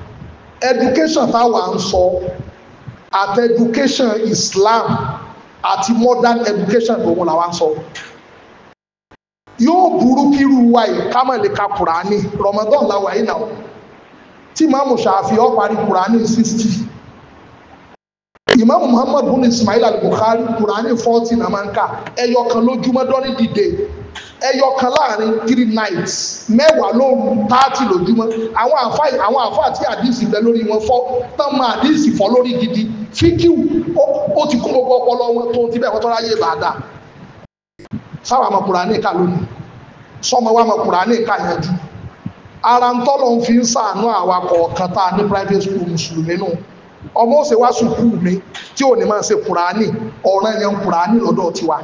education táwa ń sọ At education Islam àti modern education òun làwa ń sọ yóò burú kírú wa yìí ká má lè ka kùránì Ramadan làwa yìí náà tí màmú ṣàfihàn parí kùránì sixty imam Muhammad bin Ismail al-Bukhari kùránì fourteen na máa ń kà ẹyọ kan lójúmọ́ dọ́rí dìde ẹyọ kan láàrin three nights mẹ́wàá lóru táàtì lójúmọ́ àwọn àfa àwọn àfa àti àdìsí bẹ lórí wọn fọ́ tán máa àdìsí fọ́ lórí gidi fíkìw ó ti kún gbogbo ọpọlọ wọn tó ti bẹ́ẹ̀ wọ́n tó ráyè ìbàdà sáwọn àmọ̀kùnrin àníkà lónìí sọmọ wa àmọ̀kùnrin àníkà yanjú ara ń tọ́lọ̀ ń fi ń sàánú àwa kọ̀ọ̀kan tá a ní private school mùsùlùmí nù ọmọ òsè wá sùkúù mi tí ò ní máa ṣe kùránì ọ̀ràn yẹn kùránì lọ́dọ̀ tiwa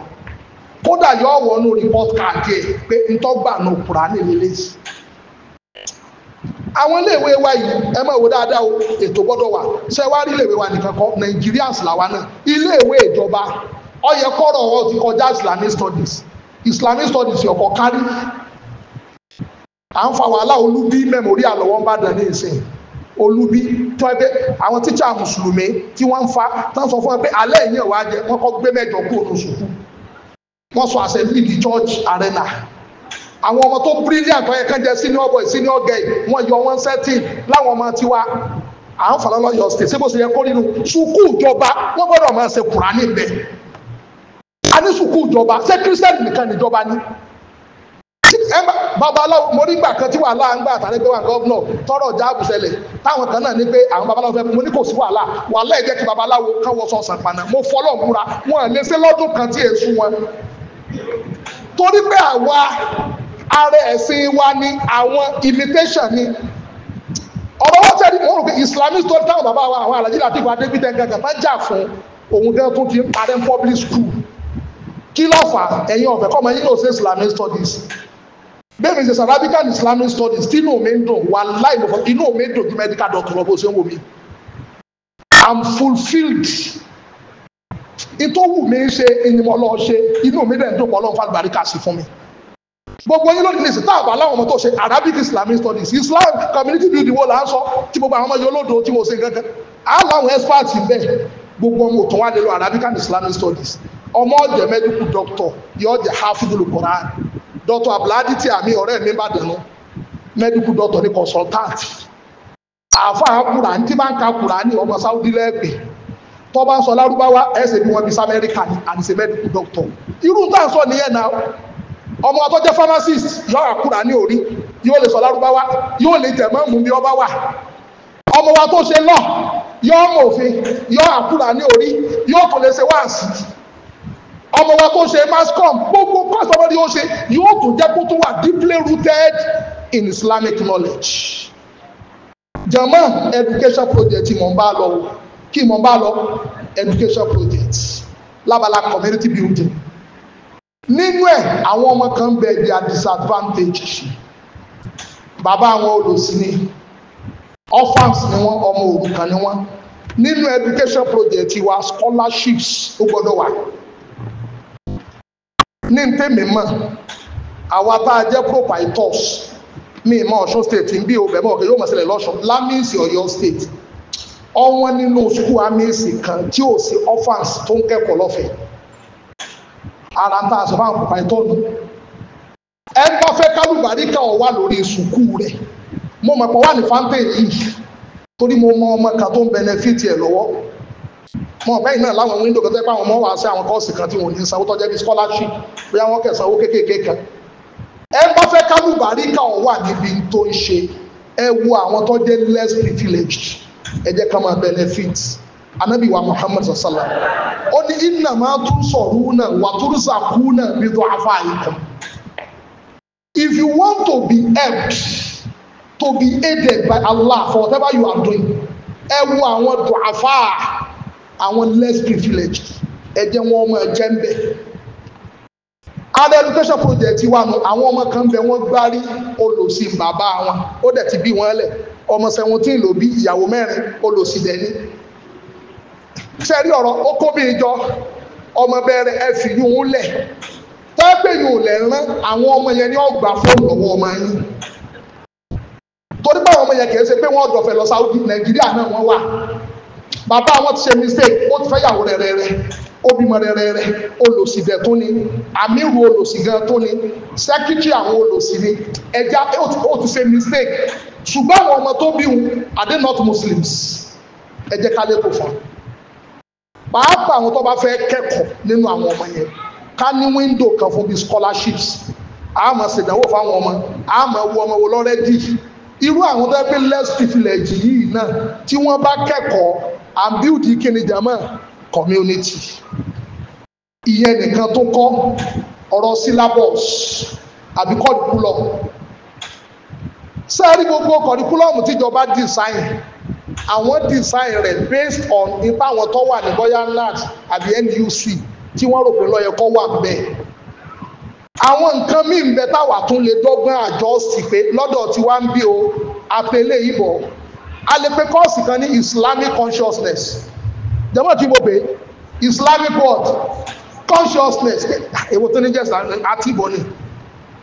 kódà yọ ọwọ́ nù report card ẹ̀ pé ntọ́gbà nù kúrà nílé àwọn iléèwé wa yìí ẹ máa wò dáadáa o ètò gbọ́dọ̀ wà ṣé iléèwé wa nìkan kọ́ Nigerians làwa náà iléèwé ìjọba ó yẹ kọ́rọ̀ ọ ti kọjá Islamic studies Islamic studies ọkọ kárí à ń fa olúbí ń olúbí tí àwọn tíṣà mùsùlùmí tí wọ́n wọ́n sọ assembly di church arena àwọn ọmọ tó brilliant ọ̀yẹ́ kan jẹ́ senior boy senior girl wọ́n yọ wọ́n setting láwọn ọmọ tiwa à ń fà lọ́lọ́ yọ state ṣé bó ṣe yẹ kó nínú sukú ìjọba wọ́n gbọ́dọ̀ máa ṣe Kùránì bẹ̀ a ní sukú ìjọba ṣé Christian nìkan níjọba ní babaláwo mo nígbà kan tí wàhálà ń gbà àtàrí pé wà gọ́vnà tọrọ jáàbù ṣẹlẹ̀ táwọn kan náà ní pé àwọn babaláwo fẹ́ mo ní kò sí wàhálà wàhálà ẹ̀ jẹ́ kí babaláwo káwọ́ sọ̀sán paná mo fọlọ́ múra wọn lè ṣe lọ́dún kan tí èṣù wọn torí pé àwa ara ẹ̀sìn wa ni àwọn imitation ni ọ̀rọ̀ wọ́n tẹ́lẹ̀ wọ́n rò pé islamic story táwọn bàbá wa àwọn alájí láti ìwà david ẹ̀gàgà bá jà fún òun gan tó ti ń parẹ́ public school kí ló fà ẹ̀yin ọ̀fẹ́ kọ́ ọmọ yín ló ṣe islamic studies bẹ́ẹ̀ni ṣe Arabic and islamic studies tí inú mi ń dùn wallahi inú mi ń dùn ju medical doctor lọ bó ṣe ń wò mí i'm fulfilled ìtòwù mi ń ṣe ẹni mo lọ ṣe inú mi dẹ̀ ń dùn pọ̀ lọ́n fàlùbáríkà sí fún mi gbogbo yín lónìí nìsí táàbà láwọn ọmọ tó ṣe Arabic Islamic studies Islam community building wo là ń sọ tí gbogbo àwọn ọmọ yóò lòdò tí mo ṣe gangan á láwọn experts bẹ́ẹ̀ gbogbo ọmọ òtún wá nílò Arabic and Islamic studies ọmọ ọjọ medical doctor yóò jẹ hafidul Quran Dr. Abdulhadi tí àmì ọ̀rẹ́ mi bá dẹnu medical doctor ni consultant àáfàá Kùránì tí máa ń ka Kùránì ọmọ Saudi lẹ́ẹ̀pẹ́ tó bá ń sọ lárúbáwá ẹsẹ̀ bí wọ́n bí samẹ́ríkà ni and is a medical doctor irú tá à ń sọ nìyẹn náà ọmọ tó jẹ́ pharmacist yóò àkúrà ní orí yóò lè sọ lárúbáwá yóò lè tẹ̀ mọ́ mú bí ọba wà ọmọ wa tó ṣe lọ yóò mọ òfin yóò àkúrà ní orí yóò tó lè ṣe wáàsì ọmọ wa tó ṣe mascom gbogbo kọ́sọ̀rọ̀ ni ṣe yóò tún jẹ́ kó tó wà deeply rooted in Islamic knowledge jama education project mọ̀ ń bá lọ wò kí mo bá lọ education project lábala community building nínú ẹ̀ àwọn ọmọ kan bẹ di disadvantage bàbá àwọn olùsí ni orphans ni wọ́n ọmọ òrukàn ni wọ́n nínú education project wa scholarships ó gbọ́dọ̀ wà ní ntẹ́mi mọ̀ àwa tá a jẹ́ proprietors mi mọ̀ ọ̀ṣun state ń bí obẹ̀ mọ̀ ọ̀kẹ́ yóò mọ̀ sílẹ̀ lọ́ṣun lámìsì ọ̀yọ́ state ọwọ́n nínú skul amẹ́sì kan tí ò sí orphans tó ń kẹ́kọ̀ọ́ lọ́fẹ̀ẹ́ ara tá a sọ fáwọn pàpà ìtọ́nu ẹ ń bá fẹ́ kálùbárí ká ọ wá lórí sùkúù rẹ̀ mo mọ̀ pọ̀ wà ní fáńpẹ́ yìí torí mo mọ ọmọ kan tó ń bẹnẹfìtì ẹ̀ lọ́wọ́ mo mọ̀ bẹ́yìn náà láwọn wíńdò kan tẹ́ pé àwọn ọmọ wà sí àwọn kọ́ọ̀sì kan tí wọ́n ní sanwó tọ́jẹ́ bí scholarship bí àwọn kẹsàn owó kéékèèké kan ẹ ń bá fẹ́ kálùbárí ká ọ wà níbi tó ń ṣe ẹ wo àwọn tọ́jẹ́ less privileged ẹ ká máa benefit anabi wa muhammad sasala ó ní iná máa tún sọ̀rọ̀ náà wà tún sàkú náà bí tó afa àyíkọ́ if you want to be helped to be aided by allah for whatever you are doing ẹ wo àwọn tó afa àwọn less privileged ẹ jẹ́ wọn ọmọ ẹ ń bẹ̀ ada education project wa nu àwọn ọmọ kan bẹ wọn gbárí olùsìn bàbá wọn ó dẹ̀ ti bí wọn lẹ̀ ọmọ seventeen ló bí ìyàwó mẹ́rin olùsìdẹ̀ ni sẹ́rí ọ̀rọ̀ ó kóbìnrin jọ ọmọ bẹ̀rẹ̀ ẹ fi yún lẹ̀ tẹ́gbẹ̀yìn ò lẹ̀ rán àwọn ọmọ yẹn ní ọgbà fóònù lọ́wọ́ ọmọ yín torí báwọn ọmọ yẹn kì í ṣe pé wọ́n dọ̀fẹ́ lọ Saudi Nàìjíríà náà wọ́n wà bàbá wọn ti ṣe mistake ó ti fẹ́ yàwó rẹ̀rẹ̀rẹ̀ ó bímọ rẹ̀rẹ̀rẹ̀ olòṣì dẹ̀ tó ni àmírù olòṣì gan tó ni sẹ́kítírì àwọn olòṣì ni ẹja ó ti ṣe mistake ṣùgbọ́n àwọn ọmọ tó bí wọn are they not Muslims ẹ jẹ́ ká lè kó fún un pàápàá àwọn tó bá fẹ́ kẹ́kọ̀ọ́ nínú àwọn ọmọ yẹn ká ní wíńdò kan fún bíi scholarships a máa ṣèdánwò fáwọn ọmọ a máa wo ọmọ wo lọ́rẹ́dì irú àwọn tó bá less privilege yìí náà tí wọ́n bá kẹ́kọ̀ọ́ and build kíni jama community ìyẹn nìkan tó kọ́ ọ̀rọ̀ syllabus àbí curriculum sẹ́ẹ̀rí gbogbo curriculum tíjọba design àwọn design rẹ̀ based on ipa àwọn tó wà ní bóyá nlat àbí NUC tí wọ́n rò pé lọ́yẹ kọ́ wà bẹ́ẹ̀ àwọn nǹkan míì ń bẹ táwa tún lè dọ́gbọ́n àjọ sí pé lọ́dọ̀ tí wá ń bí o àtẹlé ìbọn a lè pe kọ́ọ̀sì kan ní islamic consciousness jẹ́mọ̀ tí mo pè islamic what consciousness ah, èwo tó ní jẹ́ àti ìbọn ni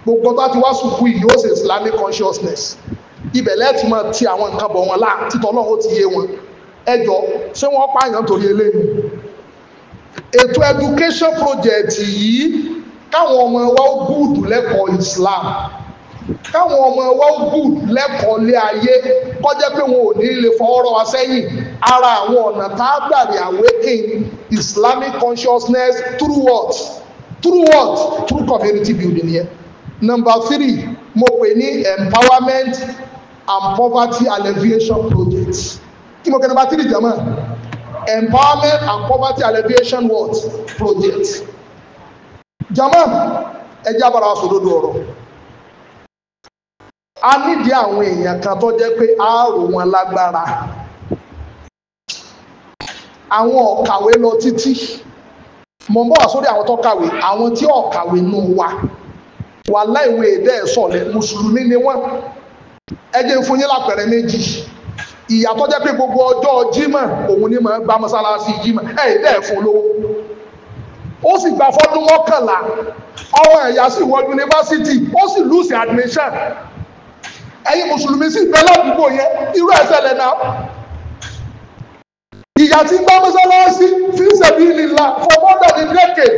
gbogbo tó ti wá sùkú yìí yóò ṣe islamic consciousness ibẹ̀ lẹ́ẹ̀tì máa ti àwọn nǹkan bọ̀ wọn láà títọ́ náà ó ti yé wọn ẹjọ́ ṣé wọ́n pààyàn torí eléyìí ètò education project yìí káwọn ọmọ wa gúùdù lẹ́kọ̀ọ́ islam káwọn ọmọ ẹwọ́ gùd lẹ́kọ̀ọ́ lé ayé kọjá pé wọn ò ní lè fọwọ́rọ́ wa sẹ́yìn ara àwọn ọ̀nà tá a gbàrí awakening Islamic consciousness through what through what through community building yẹn number three mo pè ní empowerment and poverty alleviation project kí mo kẹ́ number three jama empowerment and poverty alleviation what project jama ẹ jẹ́ abara wa sòdodo ọ̀rọ̀ a nídìí àwọn èèyàn kan tó jẹ́ pé a rò wọn lágbára àwọn ọ̀kàwé lọ títí mọ̀ ń bọ̀ sórí àwọn tó kàwé àwọn tí ọ̀kàwé nù wa wà láìwé èdè ẹ̀sọ̀lẹ̀ mùsùlùmí ni wọ́n ẹ jẹ́ fún yín lápẹ̀rẹ̀ méjì ìyà tó jẹ́ pé gbogbo ọjọ́ jímọ̀ òun ni máa ń gba mọ́sálásí jímọ̀ ẹ̀ èdè ẹ̀fún lówó ó sì gbà fọ́dún mọ́kànlá ọwọ́ ẹ̀yà sì wọ yunifásitì ó sì lùsì admission ẹ̀yin mùsùlùmí sì bẹ́ẹ̀ ládùúgbò yẹn irú ẹ̀sẹ̀lẹ̀ náà ìyá tí gbá mọ́sálásí fi ṣẹ̀bí lílà for more than a decade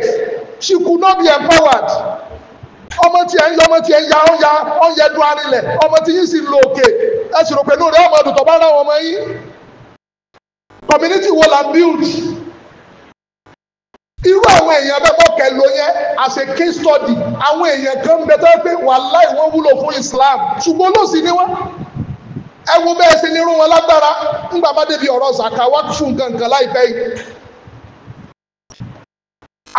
she could not be empowered ọmọ tí ẹ ń yọ ọmọ tí ẹ ń ya ọ ya ọ yẹ du arinlẹ ọmọ tí yín sì lò òkè ẹ sì rò pé lóore ọmọ ọdún tó bá rà wọn ọmọ yín community wo la build irú àwọn èèyàn bẹ́ẹ̀ bọ́kẹ́ ló as a case study àwọn èèyàn kan bẹ tó pé wúlò Islam ṣùgbọ́n ló sì ní wọ́n ẹ wo bẹ́ẹ̀ ṣe ní irú wọn lágbára ńgbà bá débi ọ̀rọ̀ zaka wákìfù nǹkan láìpẹ́ yìí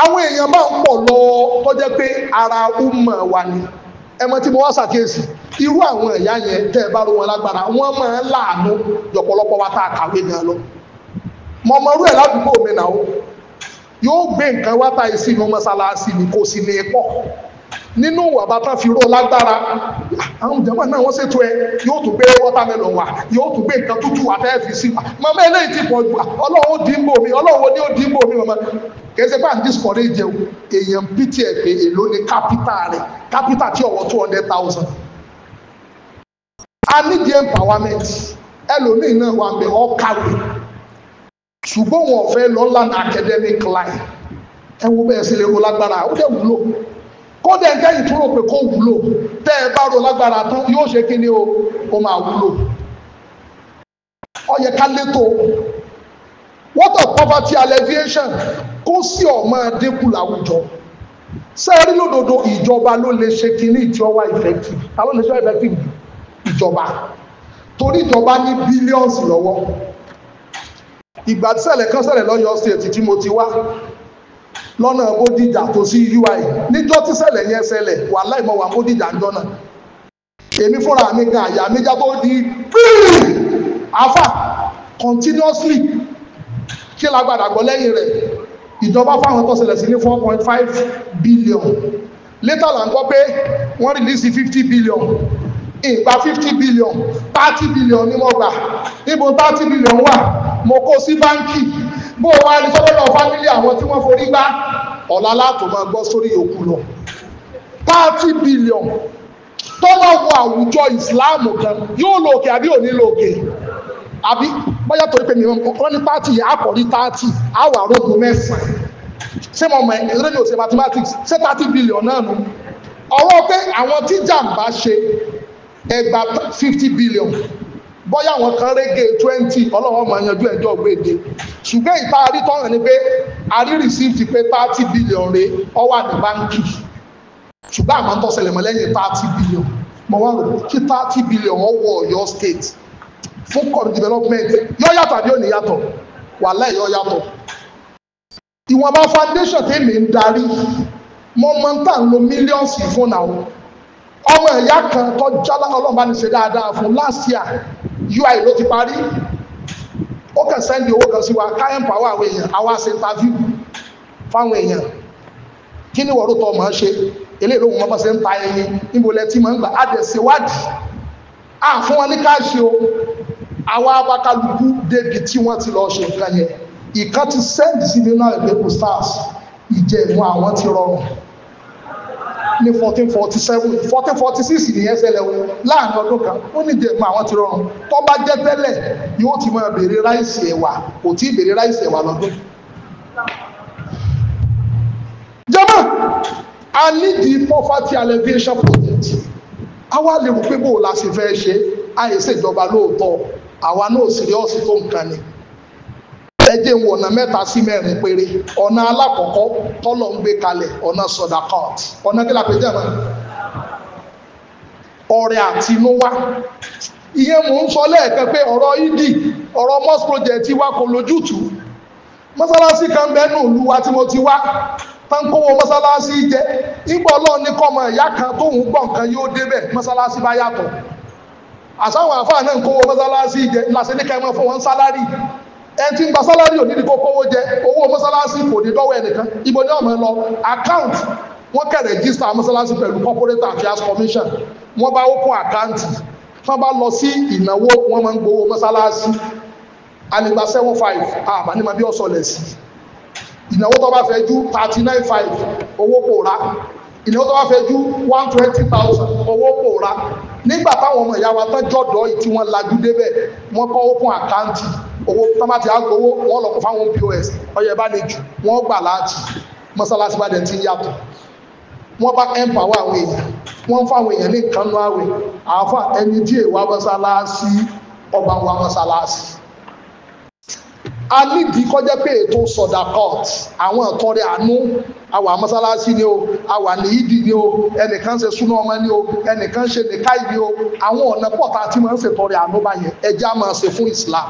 àwọn èèyàn máa ń pọ̀ lọ ara ọmọ ni ẹmọ tí mo wá ṣàkíyèsí irú àwọn ìyá yẹn tẹ́ ẹ bá rú wọn lágbára wọ́n máa ń wa tá a kàwé gan lọ mọ̀mọ́rú ẹ̀ ládùúgbò yóò gbé nǹkan wá táyé sí inú mọ́sálásí ni kò sì ní pọ̀ nínú wàbá tán fi ró lágbára àwọn ìjọba náà wọ́n ṣètò ẹ yóò tún gbé wọ́tàmẹ́lọ̀ wá yóò tún gbé nǹkan tútù wá fẹ́ẹ́ fi sí wa màmá eléyìí ti pọ̀ jù ọlọ́wọ́ dìbò mi ọlọ́wọ́ ni ó dìbò mi màmá kẹsẹ bá ń discourage jẹun èèyàn pìtì ẹ pé èló ni kápítà rẹ kápítà tí ọwọ́ two hundred thousand. a ní the empowerment ẹlòmíì náà wà mí ọ kàwé ṣùgbọ́n wọn fẹ́ lọ lánà academic line ẹ bẹ́ẹ̀ sì lè ro lágbára ó dẹ̀ wúlò kódà ẹgbẹ́ yìí rò pé kó wúlò tẹ́ ẹ bá ro lágbára tán yóò ṣe kí ni ó máa wúlò ó ká létò water poverty alleviation kó sí ọmọ dínkù láwùjọ sẹ́ẹ̀rí lódodo ìjọba ló lè ṣe kínní tí ó wá effective ta ló lè ṣe effective ìjọba torí ìjọba ní billions lọ́wọ́ ìgbà tí ṣẹlẹ̀ kan ṣẹlẹ̀ lọ́yọ̀ state tí mo ti wá lọ́nà bódìjà tó sí ui níjọ́ tí ṣẹlẹ̀ yẹn ṣẹlẹ̀ wà láìmọ̀ wà bódìjà ń jọ́nà èmi fúnra mi gan àyà mi já tó di píìrì afa continuously kí la gbàdà gbọ́ lẹ́yìn rẹ̀ ìjọba fáwọn tó ṣẹlẹ̀ sí ní four point five billion later là ń gbọ́ pé wọ́n release fifty billion ìgbà fifty billion thirty billion ni mo gbà níbo thirty billion wà mo kó sí báńkì bó o wá ní sọ́dọ̀ fámílì àwọn tí wọ́n forí gbá ọ̀la látò máa gbọ́ sórí òkú lọ thirty billion tọ́lọ̀ wọ àwùjọ ìsìláàmù gan yóò lo òkè àbí òní lo òkè àbí bóyá torí pé mìíràn wọ́n ní pátì yẹn àkọ́rí thirty àwà rogo mẹ́sàn-án ṣé mo mọ ẹ̀rọ ní òsè mathematics ṣé thirty billion náà nù ọwọ́ pé àwọn tíjà ń bá ṣe ẹgbà fifty billion bóyá àwọn kan rége twenty ọlọ́wọ́ máa yanjú ẹjọ́ gbèdé ṣùgbọ́n ìta àrí tọ́ràn ni pé àrí rìsíìtì pé thirty billion rè ọwọ́ àti báńkì ṣùgbọ́n àmọ́ ń tọ́sẹ̀lẹ̀ mọ́ lẹ́yìn thirty billion mo wá rò kí thirty billion wọ́n wọ Ọ̀yọ́ state fún kọ́ọ̀dù development yọ yàtọ̀ àbí òní yàtọ̀ wàhálà yọ yàtọ̀ ìwọ̀nba foundation tèmi ń darí mo máa ń lo millions fún àwọn ọmọ ìyá kan tó jálá ọlọ́mọba ní ṣe dáadáa fún last year UI ló ti parí ó kàn sẹ́ndì owó kan sí wa ká empower àwọn èèyàn àwa ṣe interview fáwọn èèyàn kí ni wọ́n tó máa ṣe eléyìí lóhun ọmọ ṣe ń ta ẹyin níbo lẹ ti máa ń gbà á dẹ̀ ṣe wádìí à fún wọn ní káàṣì o àwa abákálukú débi tí wọ́n ti lọ ṣe nǹkan yẹn ìkan ti sẹ́ndì sí mi náà stars ìjẹ̀mú àwọn ti rọrùn ní fourteen forty seven fourteen forty six nìyẹn ṣẹlẹ̀ o láàrin ọdún kan ó ní jẹ̀mú àwọn ti rọrùn tó bá jẹ́ tẹ́lẹ̀ yóò ti máa béèrè ráìsì ẹ̀wà kò tí ì béèrè ráìsì ẹ̀wà lọ́dún. jama a ní di poverty alleviation project àwa lè rò pé bó o la ṣe fẹ́ ṣe àìsèjọba lóòótọ́ àwa náà sì rí ọ̀sìn tó nǹkan ni. ẹ jẹ́ n wọ̀nà mẹ́ta sí mẹ́rin péré ọ̀nà alákọ̀ọ́kọ́ tọ́lọ̀ ń gbé kalẹ̀ ọ̀nà sọ̀dàkọ́t ọ̀nà kí la jẹ́ mọ́ ọ̀rẹ́ àtinúwá ìyẹn mò ń sọ pé ọ̀rọ̀ ọ̀rọ̀ project wa kò lójútùú mọ́sálásí kan bẹ́nu ìlú wa tí mo ti wá tán mọ́sálásí jẹ́ ọlọ́run ní kọ́mọ kan tóun yóò débẹ̀ mọ́sálásí bá yàtọ̀ àsáwọn àfáà náà kówó mọ́sálásí jẹ́ làṣẹ́ ẹni tí ń gba sálárì ò nídìí kó kówó jẹ owó mọ́sálásí kò ní dọ́wọ́ ẹnìkan ibo ni ọmọ ẹ lọ account wọ́n kẹ̀ rẹ́gísítà mọ́sálásí pẹ̀lú corporate affairs commission wọ́n bá open account wọ́n bá lọ sí ìnáwó wọ́n máa ń gbowó mọ́sálásí àlègbà seven five àmà ní ma bí ọ̀sọ̀ lẹ̀ sí ìnáwó tó bá fẹ́ ju thirty nine five owó kò rà ìnáwó tó bá fẹ́ ju one twenty thousand owó kò rà nígbà táwọn ọmọ ìyá wa tán jọ̀dọ̀ ìtí wọn lajú débẹ̀ wọ́n kọ́ open account owó tán bá ti àgbowó wọ́n lọ kó fáwọn pos ọyọ ẹ̀bá ni jù wọ́n gbà láti mọ́sálásí bá dẹ̀ ti ń yàtọ̀ wọ́n bá ẹ̀mpàwọ́ àwọn èèyàn wọ́n fáwọn èèyàn ní ìkànnú àwẹ̀ àáfà ẹni tí èèwà mọ́sálásí ọba wa mọ́sálásí a nídìí kọjá pé ètò sọdà court àwọn ìtọrẹ àánú àwa mọ́sálásí ni o àwa nìyídì ni o ẹnìkan ṣe súná ọmọ ni o ẹnìkan ṣe nìkáì ni o àwọn ọ̀nà pọ̀ tá a ti máa ń ṣètọrẹ àánú báyẹn ẹjẹ́ a máa ṣe fún Islam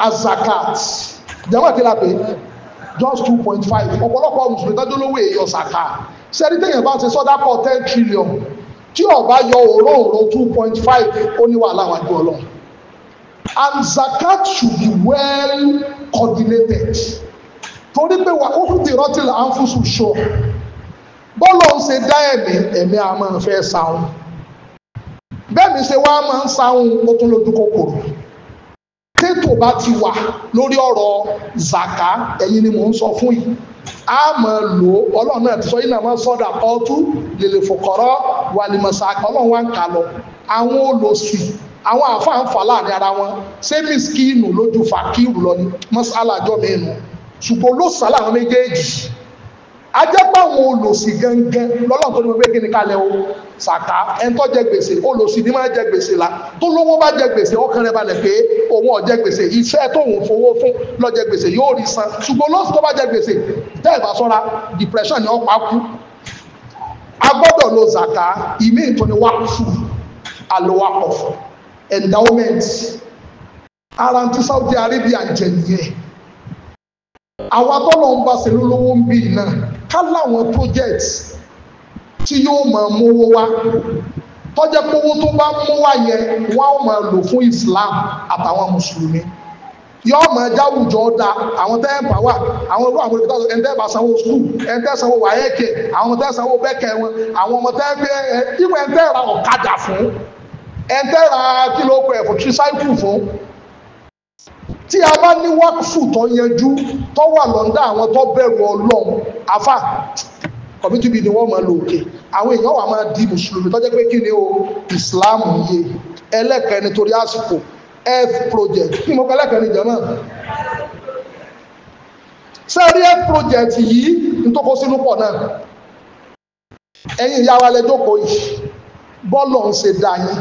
azakat jẹ́wọ́n kí la pè just two point five ọ̀pọ̀lọpọ̀ mùsùlùmí tọ́jú lówó èyí ọ̀sàkà sẹ́ni téèyàn bá ṣe sọ́dá kọ́ ten trillion tí ọba yọ òróòró two point five ó ní wàhálà wájú ọlọ́run and zakat should be well coordinated torí pé wà ókú ti rọ́tìlà ánfúsù ṣọ bọ́ọ̀lù ń ṣe dá ẹ̀mí ẹ̀mí a máa fẹ́ sáwọn bẹ́ẹ̀ mi ṣe wá máa ń sáwọn ó tún lójú kòkòrò tètò bá ti wà lórí ọ̀rọ̀ zaka ẹ̀yin ni mò ń sọ fún yìí a máa lò ó ọlọ́run náà ti sọ yìí náà máa sọ́dà ọtú lèlè fòkọ́rọ́ wàlìmọ̀sáàkì ọlọ́run wá ń kà lọ àwọn olòṣì àwọn àáfàá ń fà láàrin ara wọn ṣé mìsíkìnù lójú fàkírù lọ ni mọ́sálà jọ́ mi nù ṣùgbọ́n olóṣàlà àwọn méjèèjì ajẹ́pọ̀ àwọn olòṣì gangan lọ́lọ́ tó ní wọ́n gbé kí ni kalẹ̀ o sàká ẹ̀ńtọ́ jẹ gbèsè olòṣì ní máa jẹ gbèsè la tó lówó bá jẹ gbèsè ọkàn rẹ balẹ̀ pé òun ọ̀jẹ̀ gbèsè iṣẹ́ tóun fowó fún lọ́jẹ̀ gbèsè yóò rí san ṣùgbọ́n olóṣì tó bá jẹ gbèsè tẹ́ ẹ̀ bá sọ́ra depression ni ọ̀pá kú a gbọ́dọ̀ lo sàká ìmí ìtọ́ni wákùfù àlọ́wákọ̀fù endowment ara ti Saudi Arabia jẹ nìyẹn àwa tọ́lọ̀ ń bá ṣe lólówó ń bí iná ká láwọn project tí yóò máa mówó wá tọ́jẹ́ pówó tó bá mú wá yẹn wọ́n á máa lò fún Islam àtàwọn mùsùlùmí yóò máa jáwùjọ da àwọn tẹ́ ẹ̀ bá wà àwọn ìlú àwọn olùkọ́ ẹ̀ tẹ́ ẹ̀ bá sanwó skul ẹ̀ tẹ́ ẹ̀ sanwó wáyẹ̀kẹ̀ àwọn ọmọ tẹ́ ẹ̀ sanwó bẹ́ẹ̀kẹ̀ wọn àwọn ọmọ tẹ́ ẹ̀ gbé ẹ̀ ìwé ẹ̀ tẹ́ ẹ̀ ra ọ̀kadà fún ẹ̀ tẹ́ ẹ̀ ra kílò ọkọ̀ ẹ̀fọ́ tírísáìkù fún tí a bá ní wákùfù tó yanjú tó wà lọ́ndà àwọn tó bẹ̀rù ọlọ́run afá kọ̀mítì bíi ni wọ́n máa lò òkè àwọn èèyàn wà máa di mùsùlùmí tó jẹ́ pé kí ni o Islam yé ẹlẹ́kẹ̀ẹ́ nítorí àsìkò health project kí ni mo kọ́ ẹlẹ́kẹ̀ẹ́ jẹ́mọ́ sẹ́ẹ̀rí health project yìí ní tó kó sínú pọ̀ náà ẹ̀yin ìyá wa lẹ́jọ́ kò yìí bọ́ọ̀lù ọ̀hún ṣe dá yín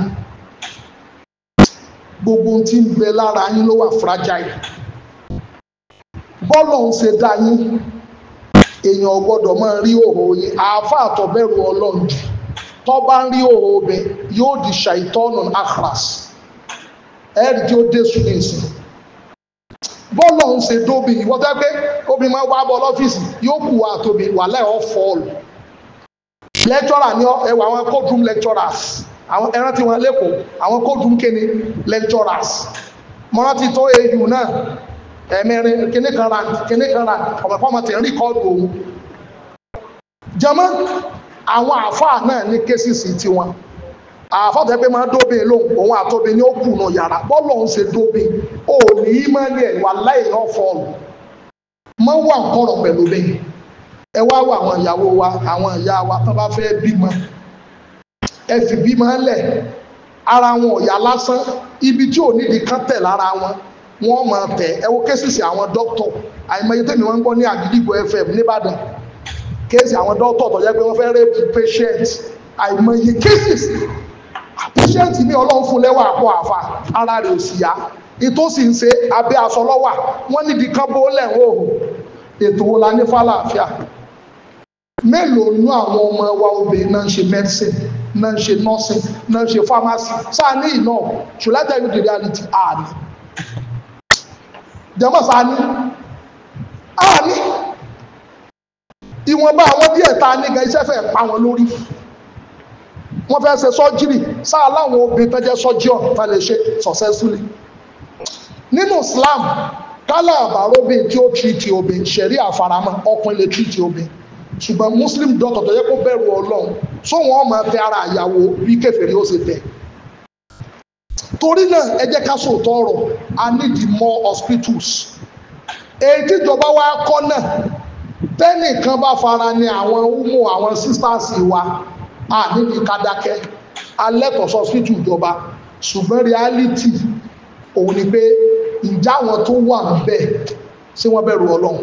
gbogbo ohun tí ń bẹ lára yín ló wà fragile bọ́lọ̀ ń ṣe dá yín èèyàn ọgbọ́dọ̀ ma máa rí òhò yín àáfà àtọ̀bẹ̀rù ọlọ́run jù bá ń rí òhò ọbẹ̀ yóò di ṣàìtọ́nù akras ẹ̀rí tí ó dé sùn bọ́lọ̀ ń ṣe dóbi ìwọ́n pé obìnrin máa wá bọ́ lọ́fíìsì yóò kù wá ọ́ fọ́ọ̀lù lẹ́tọ́rà àwọn ẹran tí wọ́n lẹ́kọ̀ọ́ àwọn kóòdù kéne lecturers to tó au náà ẹ̀mẹrin kíní kan ra kíní kan ra ọ̀pọ̀pọ̀ ọmọ awọn ń rìkọ́ọ̀dù òun jẹmọ́ àwọn àáfàá náà ní kéṣìṣì tiwọn àáfàá tẹ́ pé máa dóbe lóhùn òun àtọ́be ní ó kù nù yàrá bọ́ọ̀lù ọ̀hún ṣe dóbe ó ní í máa ní ẹ̀wà fọ́ọ̀lù wà ń pẹ̀lú ẹ wá wà àwọn ìyàwó wa àwọn ìyá wa tó bá fẹ́ bímọ ẹ fi bí máa lẹ̀ ara wọn ò yá lásán ibi tí ò nídìí kán tẹ̀ lára wọn wọn máa tẹ̀ ẹ wo kéṣìṣì àwọn dókítọ̀ àìmọye tèmi wọn ń gbọ́ ní àdídìgbò FM nìbàdàn kéṣì àwọn dókítọ̀ tó jẹ́ pé wọ́n fẹ́ rape patient àìmọye kéṣìṣì patient mi ọlọ́run fún lẹ́wọ̀ àpọ̀ àfa ara rẹ̀ ò sì yá ètò sì ń ṣe abẹ́ aṣọ lọ́wà wọ́n nídìí kán bó lẹ́wọ̀n òhùn ètò wo la ní fàlàáfíà mélòó nú àwọn ọmọ wa obìnrin náà ń ṣe medicine náà ń ṣe nursing náà ń ṣe pharmacy sáà ní ìná should I tell you the reality àní jẹ́mọ̀ sáà ní àní ìwọ̀nba àwọn díẹ̀ ta nígan iṣẹ́ fẹ́ pa wọn lórí wọ́n fẹ́ ṣe sọ́jírì sáà láwọn obìnrin tó jẹ́ sọ́jírì tá lè ṣe successfully nínú Islam kálá àbárò bíi tí ó tìrìtì obìnrin ṣẹ̀rí àfaramọ́ ọkùnrin lè tìrìtì obìnrin ṣùgbọ́n muslim doctor tó yẹ kó bẹ̀rù ọlọ́run tó wọn máa tẹ ara àyàwó bí kèfèrí ó ṣe tẹ̀ torí náà ẹ jẹ́ ká sòótọ́ ọ̀rọ̀ i need more hospitals èyí tíjọba wa kọ́ náà tẹ́nìkan bá fara ní àwọn umu àwọn sisters wa a níbi kádákẹ́ alẹ́kọ̀ọ́sọ hospital ìjọba ṣùgbọ́n reality òun ni pé ǹjẹ́ àwọn tó wà níbẹ̀ ṣé wọ́n bẹ̀rù ọlọ́run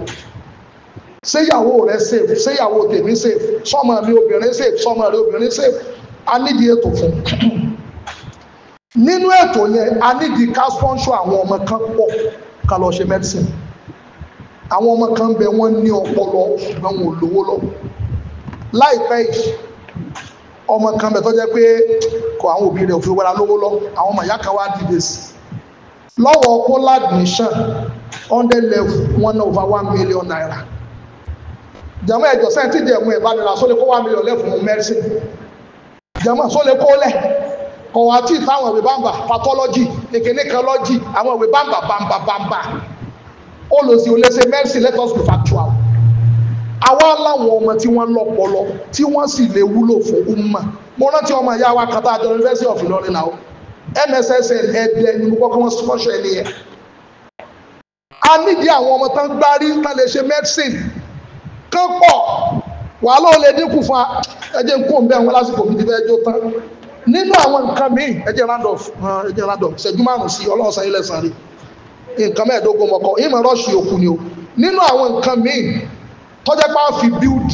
ṣéyàwó rẹ safe ṣéyàwó tèmi safe sọmọ mi obìnrin safe sọmọ rẹ obìnrin safe a nídìí ètò fún nínú ètò yẹn a nídìí ká sponsor àwọn ọmọ kan pọ̀ ká lọ ṣe medicine àwọn ọmọ kan bẹ wọ́n ní ọpọlọ ṣùgbọ́n wọn ò lówó lọ láìpẹ́ yìí ọmọ kan bẹ tó jẹ́ pé kò àwọn òbí rẹ̀ òfin wẹra lówó lọ àwọn ọmọ ìyá kan wá dìde sí lọ́wọ́ kó ládùn iṣan hundred level one over one million naira jama ẹjọ sẹńtì jẹ ẹmu ìbádọ́ra sólè kó wà mílíọ̀nù lẹ́fún mẹ́rìsì jama sólè kó lẹ̀ ọ̀wọ́ àti ìtàwọn ìwé bàmbà pathology ekenekalọ́jì àwọn ìwé bàmbà bàmbà bàmbà olùsí olóṣè mẹ́rìsì let us be factual àwa láwọn ọmọ tí wọ́n lọ́pọlọ tí wọ́n sì lè wúlò fún umma mo rántí ọmọ ìyá wa kàtà àjọ University of Ìlọrin náà NSSN ẹ̀dẹ̀ ìmúkọ́ kí wọ́n fọ́ṣọ ẹ̀ nìyẹn a nídìí àwọn ọmọ tán gbárí tán lè ṣe mẹ́rìsì kán pọ̀ wà ló lè dínkù fún wa ẹjẹ ń kó ń bẹ àwọn lásìkò bíi bẹ́ẹ̀ jó tán nínú àwọn nǹkan míì ẹjẹ randolph ẹjẹ randolph ṣẹ́jú márùn sí ọlọ́run sáyé lẹ́sàn rí nǹkan mẹ́ẹ̀ẹ́dógún mọ́kọ́ ìmọ̀ rọ́ọ̀ṣì òkú ni o nínú àwọn nǹkan míì tọ́jẹ́ pé fi build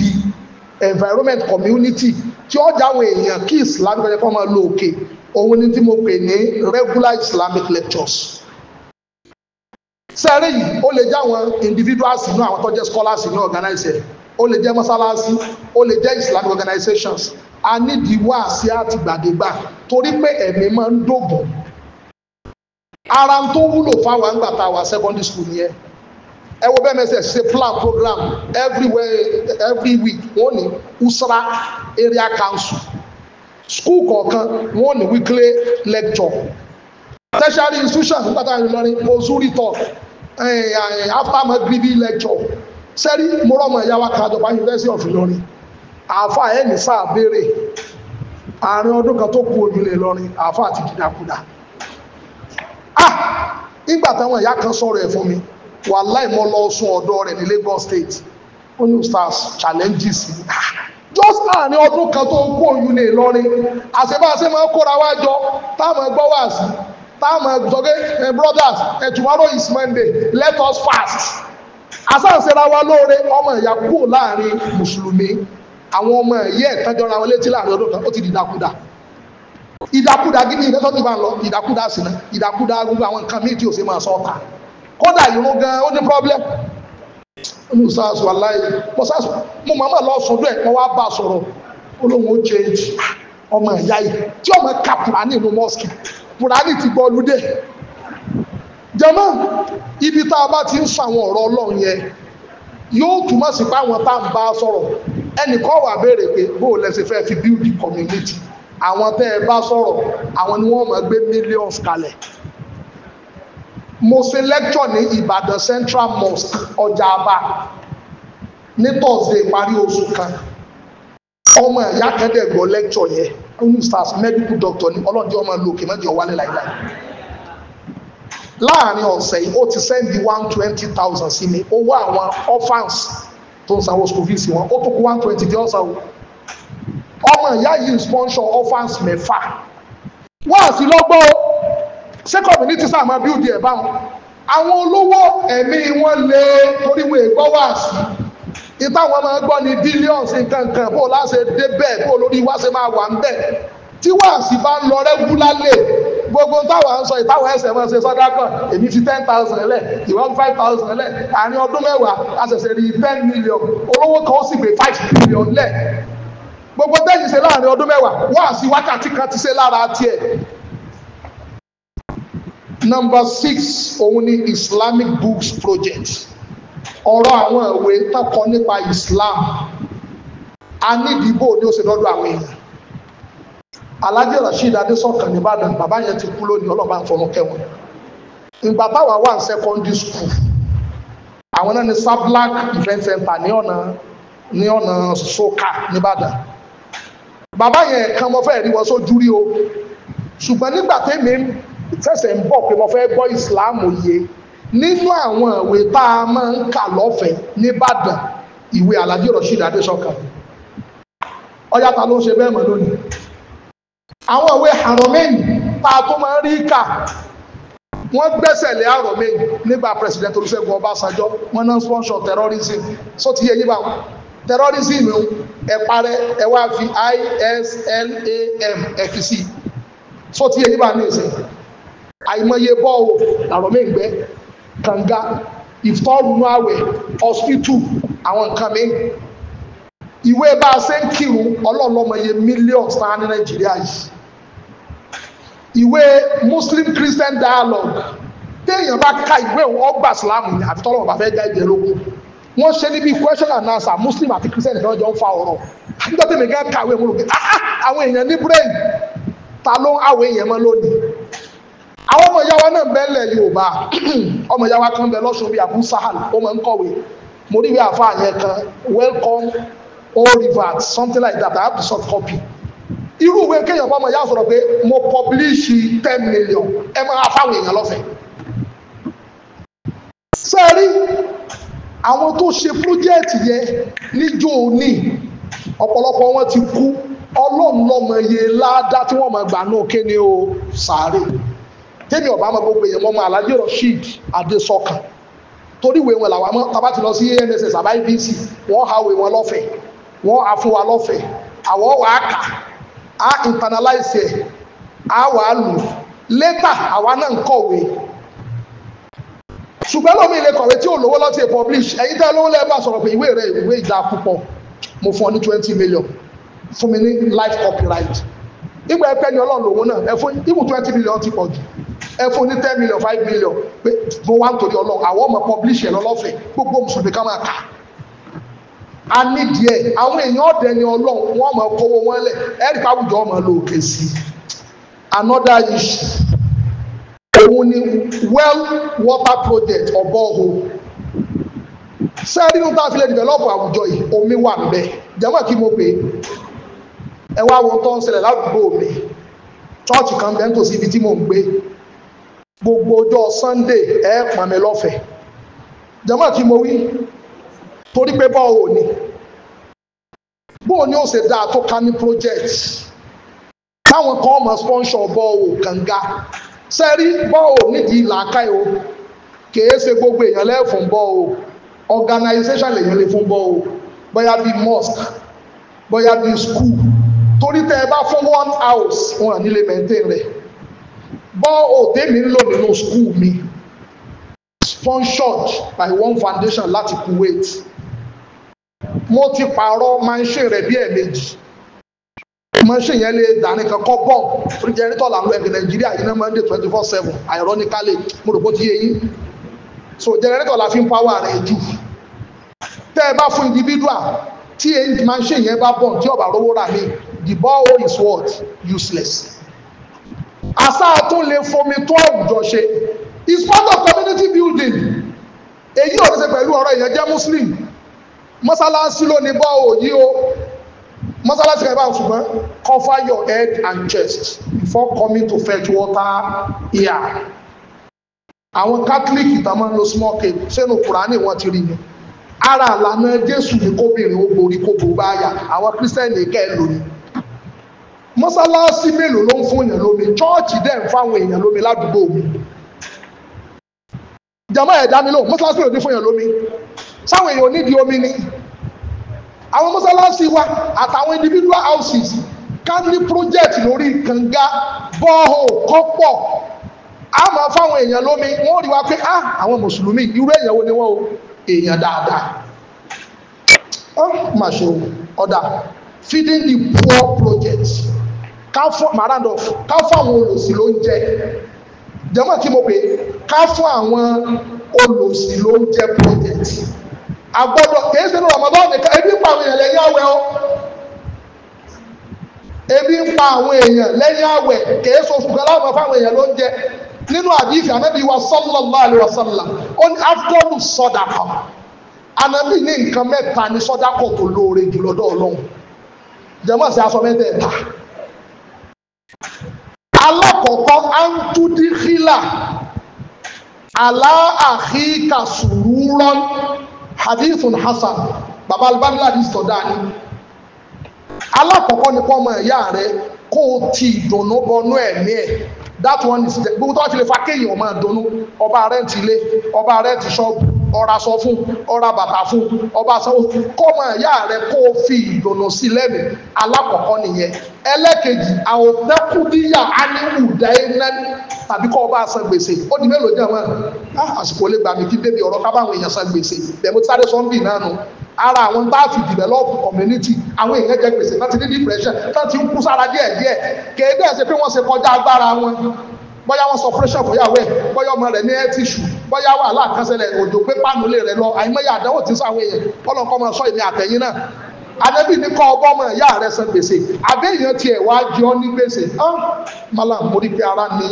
environment community tí ó já àwọn èèyàn kí islamic ọjọ́ kan máa lo òkè òun ni tí mo pè ní regular islamic lectures sẹ́ẹ̀rẹ́ yìí ó lè já àwọn individuals inú àwọn tọ́jẹ́ scholars inú organizer ó lè jẹ́ mọ́sálásí ó lè jẹ́ islamic organizations a nídìí wáàsí àtìgbàdégbà torí pé ẹ̀mí máa ń dògùn ara tó wúlò fáwọn àgbà tá a wà secondary school nìyẹn ẹ wo bẹ́ẹ̀ mẹ́sẹ̀ ṣe plan program everywhere every week wọ́n ní usra area council school kọ̀ọ̀kan wọ́n ní weekly lecture tertiary institutions nígbà tá a lè lọrin mozuri talk eh, eh, after magribi lecture sẹ́rí mo rọ́mọ ìyá wa kájọba University of Ìlọrin àáfà ẹ̀ ní sáà béèrè àárín ọdún kan tó kú ojúlé Ìlọrin àáfà àti dìdàkudà ah nígbà táwọn ìyá kan sọ̀rọ̀ ẹ̀ fún mi wàláì mo State ó challenges ah! just àárín ọdún kan tó kú ojúlé Ìlọrin àṣebáṣe máa ń kóra eh, wá jọ táwọn ẹgbọ́ wá sí táwọn ẹgbọ́ sọ brothers tomorrow is Monday let us fast. asáǹsẹ́ra wa lóore ọmọ ìyá láàrin mùsùlùmí àwọn ọmọ ẹ̀yẹ́ ìtànjọra wọn létí láàrin ọdún kan ó ti di ìdàkudà ìdàkudà gidi ìdẹ́tọ́ ti bá ń lọ ìdàkudà gbogbo àwọn nǹkan míì tí ò sí máa sọ ọ̀tà kódà ìrún gan mo mo máa lọ wá bá a ó ọmọ ìyá yìí tí ka pùránì inú mọ́ọ̀sì ti gbọ́ jama ibi tá a bá ti ń sọ àwọn ọ̀rọ̀ ọlọ́run yẹn yóò túmọ̀ sí pé àwọn tá à ń bá a sọ̀rọ̀ ẹnìkan wà béèrè pé bó lẹ́sẹ̀ fẹ́ fi build the community àwọn tẹ́ ẹ bá sọ̀rọ̀ àwọn ni wọ́n máa gbé millions kalẹ̀ mo ṣe lecture ní Ìbàdàn Central Mosque ọjà àbá ní Thursday parí oṣù kan ọmọ ìyá kẹ́dẹ̀ gbọ́ lecture yẹn oníṣàs medical doctor ní ọlọ́dẹ ọmọ lókè mẹ́jọ wálé láìláì láàrin ọ̀sẹ̀ yìí ó ti sẹ́ndì one twenty thousand sí mi owó àwọn orphans tó ń sanwó school fees wọn ó tún kú one twenty tí ó sanwó ọmọ ìyá yìí ń sponsor orphans mẹ́fà wá sí lọ́gbọ́ ṣé community sáà máa build ẹ̀ báwọn àwọn olówó ẹ̀mí wọn lè torí wọn ègbọ́ wá sí ìtàwọn máa gbọ́ ní billions nǹkan kan bó láṣẹ débẹ̀ bó lórí wá ṣe máa wà ń bẹ̀ tí wá sí bá ń lọ rẹ́gúlálẹ̀ gbogbo táwa ń sọ ìtawọ ẹsẹ̀ máa ṣe sọ́dá kan èmi fi ten thousand lẹ̀ ìwọ fi five thousand lẹ̀ àárín ọdún mẹ́wàá a ṣẹ̀ṣẹ̀ rí ten million olówó kan ó sì gbé five billion lẹ̀ gbogbo tẹ́yìn ṣe láàrin ọdún mẹ́wàá wá sí wákàtí kan ti ṣe lára tiẹ̀. number six òun ni Islamic Books Project ọ̀rọ̀ àwọn ìwé tán kọ nípa Islam a nídìí bò ní ó ṣe lọ́dọ̀ àwọn èèyàn Alhaji Rasheed Adesọkan nìbàdàn bàbá yẹn ti kú lónìí ọlọ́ba àfọ̀run kẹwọn ìgbà báwa wà ní secondary school àwọn náà ni sablak event center ní ọ̀nà ní ọ̀nà soka nìbàdàn bàbá yẹn kan mo fẹ́ rí wọn sójú rí o ṣùgbọ́n nígbà tẹ́mi ṣẹ̀ṣẹ̀ ń bọ̀ pé mo fẹ́ gbọ́ Islam yé nínú àwọn ìwé tá a máa ń kà lọ́fẹ̀ẹ́ nìbàdàn ìwé Alhaji Rasheed Adesọkan ọjà ta ló ń ṣe bẹ́ẹ̀ mọ́ lónìí àwọn ìwé Haramain tá a tó máa ń rí kà wọ́n gbẹ́sẹ̀ lé Haramain nígbà president Olúṣẹ́gun Ọbásanjọ́ wọ́n náà sponsor terrorism sọ ti yé yí báwọn terrorism ẹ parẹ́ ẹ wá fi ISLAM ẹ fi sí sọ ti yé yí báwọn ní ìsìn àìmọye bọ́ọ̀wò Haramain gbẹ́ kànga ìfọ́rùnú àwẹ̀ hospital àwọn nǹkan mi ìwé bá a ṣe ń kírun ọlọ́ọ̀lọ́mọye millions tá a ní Nàìjíríà yìí ìwé Muslim Christian dialogue téèyàn bá ka ìwé òun ọgbà sílámù ni àfi tọ́lọ́mù bá fẹ́ já ìdè lóko wọ́n ṣe níbi question and answer Muslim àti Christian ìfẹ́ ọjọ́ ń fa ọ̀rọ̀ nígbà tí mi gán ka ìwé òun lòkè ah, ah, àwọn èèyàn ní brain ta ló ń àwọn èèyàn mọ́ lónìí àwọn ọmọ ìyáwá náà bẹ́ẹ̀lẹ̀ Yorùbá ọmọ ìyáwá kan bẹ lọ́sùn bíi Abu Sahal ó máa ń kọ̀wé mo rí ìwé àfáà yẹn kan welcome all rivers something like that I have the soft copy irú ìwé kéèyàn pọ́ mọ̀ yá sọ̀rọ̀ pé mo pọ́blíṣì ten million ẹ máa fáwọn èèyàn lọ́fẹ̀ẹ́. sẹ́ẹ̀rí àwọn tó ṣe púrójẹ́ẹ̀tì yẹn níjó òní ọ̀pọ̀lọpọ̀ wọn ti kú ọlọ́run lọ́mọ iye ládá tí wọ́n máa gbà náà kéne o sàárè tẹ́mi ọ̀bá máa gbogbo èèyàn mọ́mọ́ alájẹ́ Rasheed Adésọkàn torí ìwé wọn làwọn tábà ti lọ sí anss àbá ibc wọ́n ha wọn lọ́fẹ̀ẹ́ wọ́n á fún àwọn wàá kà á á internalize ẹ̀ á wà á lù later àwa náà ń kọ̀wé ṣùgbọ́n lómi ilé kọ̀wé tí ò lówó lọ́tì publish ẹ̀yin tẹ́ lówó lẹ́ẹ̀bà sọ̀rọ̀ pé ìwé rẹ̀ ìwé ìdá púpọ̀ mo fún ọ ní twenty million fún mi ní life copyright ìgbà ẹ̀pẹ́ ni ọlọ́run lòun náà ẹ̀fún ìwù twenty million ti pọ̀ jù ẹ̀fún ní ten million five million pé mo wá nítorí ọlọ́run àwọn ọmọ publish ẹ̀ lọ́lọ́fẹ̀ẹ́ gbogbo mùsùlùmí ká máa kà á a nídìí ẹ̀ àwọn èèyàn ọ̀dẹ ni ọlọ́run wọ́n máa kówó wọn lẹ̀ ẹ̀rí pàwùjọ ọmọ ló ké sí another issue òun ni well water project ọ̀bọ̀ọ̀hó sẹ́ẹ̀rí nínú táwọn afilẹ̀ develop àwùjọ yìí omi wà níbẹ̀ jẹ́wọ́ kí mo pè é ẹ wá wo tó ń ṣẹlẹ̀ ládùúgbò mi chọ́ọ̀chì kan bẹ́ẹ̀ tòsí ibi tí mò ń gbé gbogbo ọjọ́ Sunday ẹ̀ pàmì lọ́fẹ̀ẹ́ jẹ́wọ́ kí mo wí torí pé bọ́ ò ní bóò ní ó ṣe dáa tó ká ní project táwọn kan ọmọ sponsor bọ́ọ̀wò kànga sẹ́rí bọ́ọ̀wò nídìí làákàyè o kèé ṣe gbogbo èèyàn lẹ́ẹ̀fún bọ́ọ̀wò organization lèèyàn lè fún bọ́ọ̀wò bóyá bíi mosque bóyá bíi school torí tẹ́ ẹ bá fún one house wọn à nílé maintain rẹ̀ bọ́ọ̀wò tèmi ń lò nínú school mi sponsored by one foundation láti Kuwait mo ti pààrọ̀ manṣẹ́ rẹ̀ bí ẹ̀ẹ̀mejì manṣẹ́ yẹn lè dání kankan bọ̀ torí jẹnrétọ̀ làwọn ẹgbẹ́ nàìjíríà yìí náà monday twenty four seven ironically mo rò bó ti yé yín so jẹnrétọ̀ la fi ń pàwọ́ rẹ̀ jù tẹ́ ẹ bá fún individual tí manṣẹ́ yẹn bá bọ̀ tí ọ̀bà rówó rà mí the borrower is what useless àṣà tún lè fomi tó àwùjọ ṣe is part of community building èyí ò ní ṣe pẹ̀lú ọ̀rọ̀ ìyẹn jẹ́ muslim mọ́sálásí ló ní bọ́ òyí o mọ́sálásí kan ìbáwọ̀ ṣùgbọ́n cover your head and chest before coming to fetch water here àwọn catholic ìtàn máa ń lo small cake sínú kùránì wọn ti rí ni ara àlànà jésù ní kóbìnrin ó borí kó bò báyà àwọn kírísítẹ́nì kẹ́ ẹ lónìí mọ́sálásí mélòó ló ń fún èèyàn lómi chọ́ọ̀chì dẹ̀ ń fáwọn èèyàn lómi ládùúgbò mi jama ẹ̀dá mi lò mọ́sálásí ò ní fún yàn lómi sáwọn èèyàn nídìí omi ni àwọn mọ́sálásí wa àtàwọn individual houses ká ní project lórí kànga bọ́ọ̀hò kọ́pọ̀ a máa fáwọn èèyàn lómi wọ́n rí wa pé ah àwọn mùsùlùmí irú èèyàn wo ni wọ́n o èèyàn dáadáa ó mà ṣe o ọ̀dà feeding the poor project ká fún marandolf ká fún àwọn olùsí lóúnjẹ jẹ́mọ̀ kí mo pè ká fún àwọn olòṣì lóúnjẹ project agbọ́dọ̀ kì í ṣe ní ọmọdé nìkan ebi ń pa àwọn èèyàn lẹ́yìn àwẹ̀ o ebi ń pa àwọn èèyàn lẹ́yìn àwẹ̀ kì í ṣe oṣù kan láwọn fáwọn èèyàn lóúnjẹ nínú àdìsí anábì wa sallallahu alaihi wasallam ó ní afdọ́lù sọ́dàkọ̀ anábì ní nǹkan mẹ́ta ní sọ́dàkọ̀ tó lóore jùlọ dọ́ ọlọ́run jẹ́mọ̀ sí aṣọ mẹ́tẹ̀ẹ̀ta alákọ̀ọ́kọ́ antudikila aláàkíkà sùúrùn hadithun hasan baba albanila ní sọdá ni alákọ̀ọ́kọ́ ni kọ́ ọmọ ẹ̀yà rẹ kó o ti ìdùnnú bọnú ẹ̀mí ẹ̀ that one is the gbogbo tó wá ti lè fa kéèyàn ọmọ ìdùnnú ọba rẹ̀ ti lé ọba rẹ̀ ti ṣọ́ọ̀bù ọ̀rá sọ fún ọ̀rá bàtà fún ọba sanwó kọ́mọ ìyá rẹ kó o fi ìdùnnú sí lẹ́nu alákọ̀ọ́kọ́ nìyẹn ẹlẹ́kejì àwọn tẹ́kùdíyà ánìwùdá iná tàbí kọ́ ọba san gbèsè ó di mélòó jẹ́ wọn ah, àsìkò lè gbà mí kí débi ọ̀rọ̀ kábàwọn èèyàn san gbèsè bẹ́ẹ̀ mo ti sáré sọ́ńbì náà nù ara àwọn tá a fi develop community àwọn èèyàn jẹ gbèsè láti ní depression láti ń kú sára díẹ̀ díẹ̀ kéde ẹsẹ pé wọn ṣe kọjá agbára wọn bóyá wọn sọ pressure fọyàwó ẹ bóyá ọmọ rẹ ní ẹ ti ṣù bóyá wàhálà kan ṣẹlẹ̀ òjò pé páànù lè rẹ lọ àìmọye àdánwò tí sáwọn èèyàn ọlọ́nkọ́ máa sọ èmi àtẹ̀yìn náà anabi ní kọ́ ọgbọ́n ọmọ ìyá rẹ san gbèsè àbẹ́ èèyàn tiẹ̀ wá jẹ ọ́ ní gbèsè ọ́n mọ́lá mo rí pé ara mi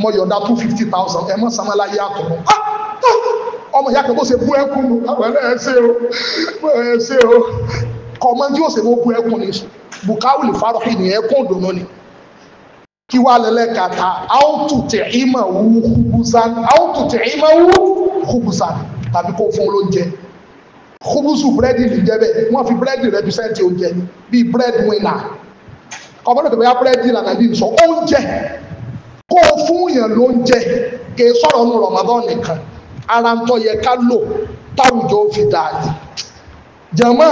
mo yọ̀ǹda two fifty thousand ẹ̀ mọ́ sàmáláyé ah! àtọ̀nù ah! ọmọ ìyá kan bó ṣe bú ẹkún nù àwọn ẹ̀ ṣe o ẹ̀ ṣe o kọ̀ọ̀mọ́ tí ó ṣe bó bú ẹkún ni bùkáwìlì fárọ̀ kí ni ẹkún dùnú ni kí wá lẹ́lẹ́kàtà áùtùtì ìmọ̀ wú húbúsán áùtùtì ìmọ̀ wú húbúsán tàbí kó fún olóúnjẹ húbúsù búrẹ́dì lè jẹ́ bẹ́ẹ̀ wọ́n fi búrẹ́dì rẹpísẹ́ǹtì oúnjẹ bíi búrẹ́dì wínà ọmọdé tó bẹ́ẹ̀ búrẹ́dì lànà bíi sọ oúnjẹ kó fún yẹn lóúnjẹ kì í sọ̀rọ̀ nù Ramadan nìkan ara ń tọ́ yẹ ká lò táwùjọ fi dàdí jẹ̀mọ́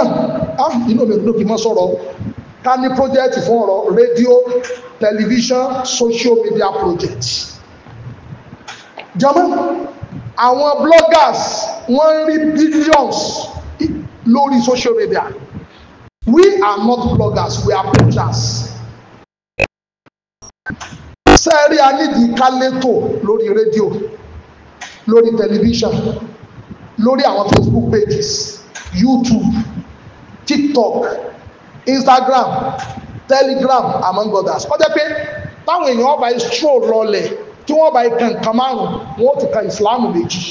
ah inú mi ló fi mọ́ sọ̀rọ̀ ká ní project fún ọ̀rọ̀ rédíò tẹlifíṣàn social media project jọmọ àwọn bloggers wọ́n ń rí billions lórí social media we are not bloggers we are preachers sẹ́ẹ̀rí anídìí kálẹ́tò lórí rédíò lórí tẹlifíṣàn lórí àwọn Facebook pages YouTube TikTok Instagram Telegram among others ó jẹ́ pé táwọn èèyàn ọba yìí stroll lọlẹ̀ tí wọ́n bá ikan nǹkan márùn wọ́n ti ka ìsìláàmù méjì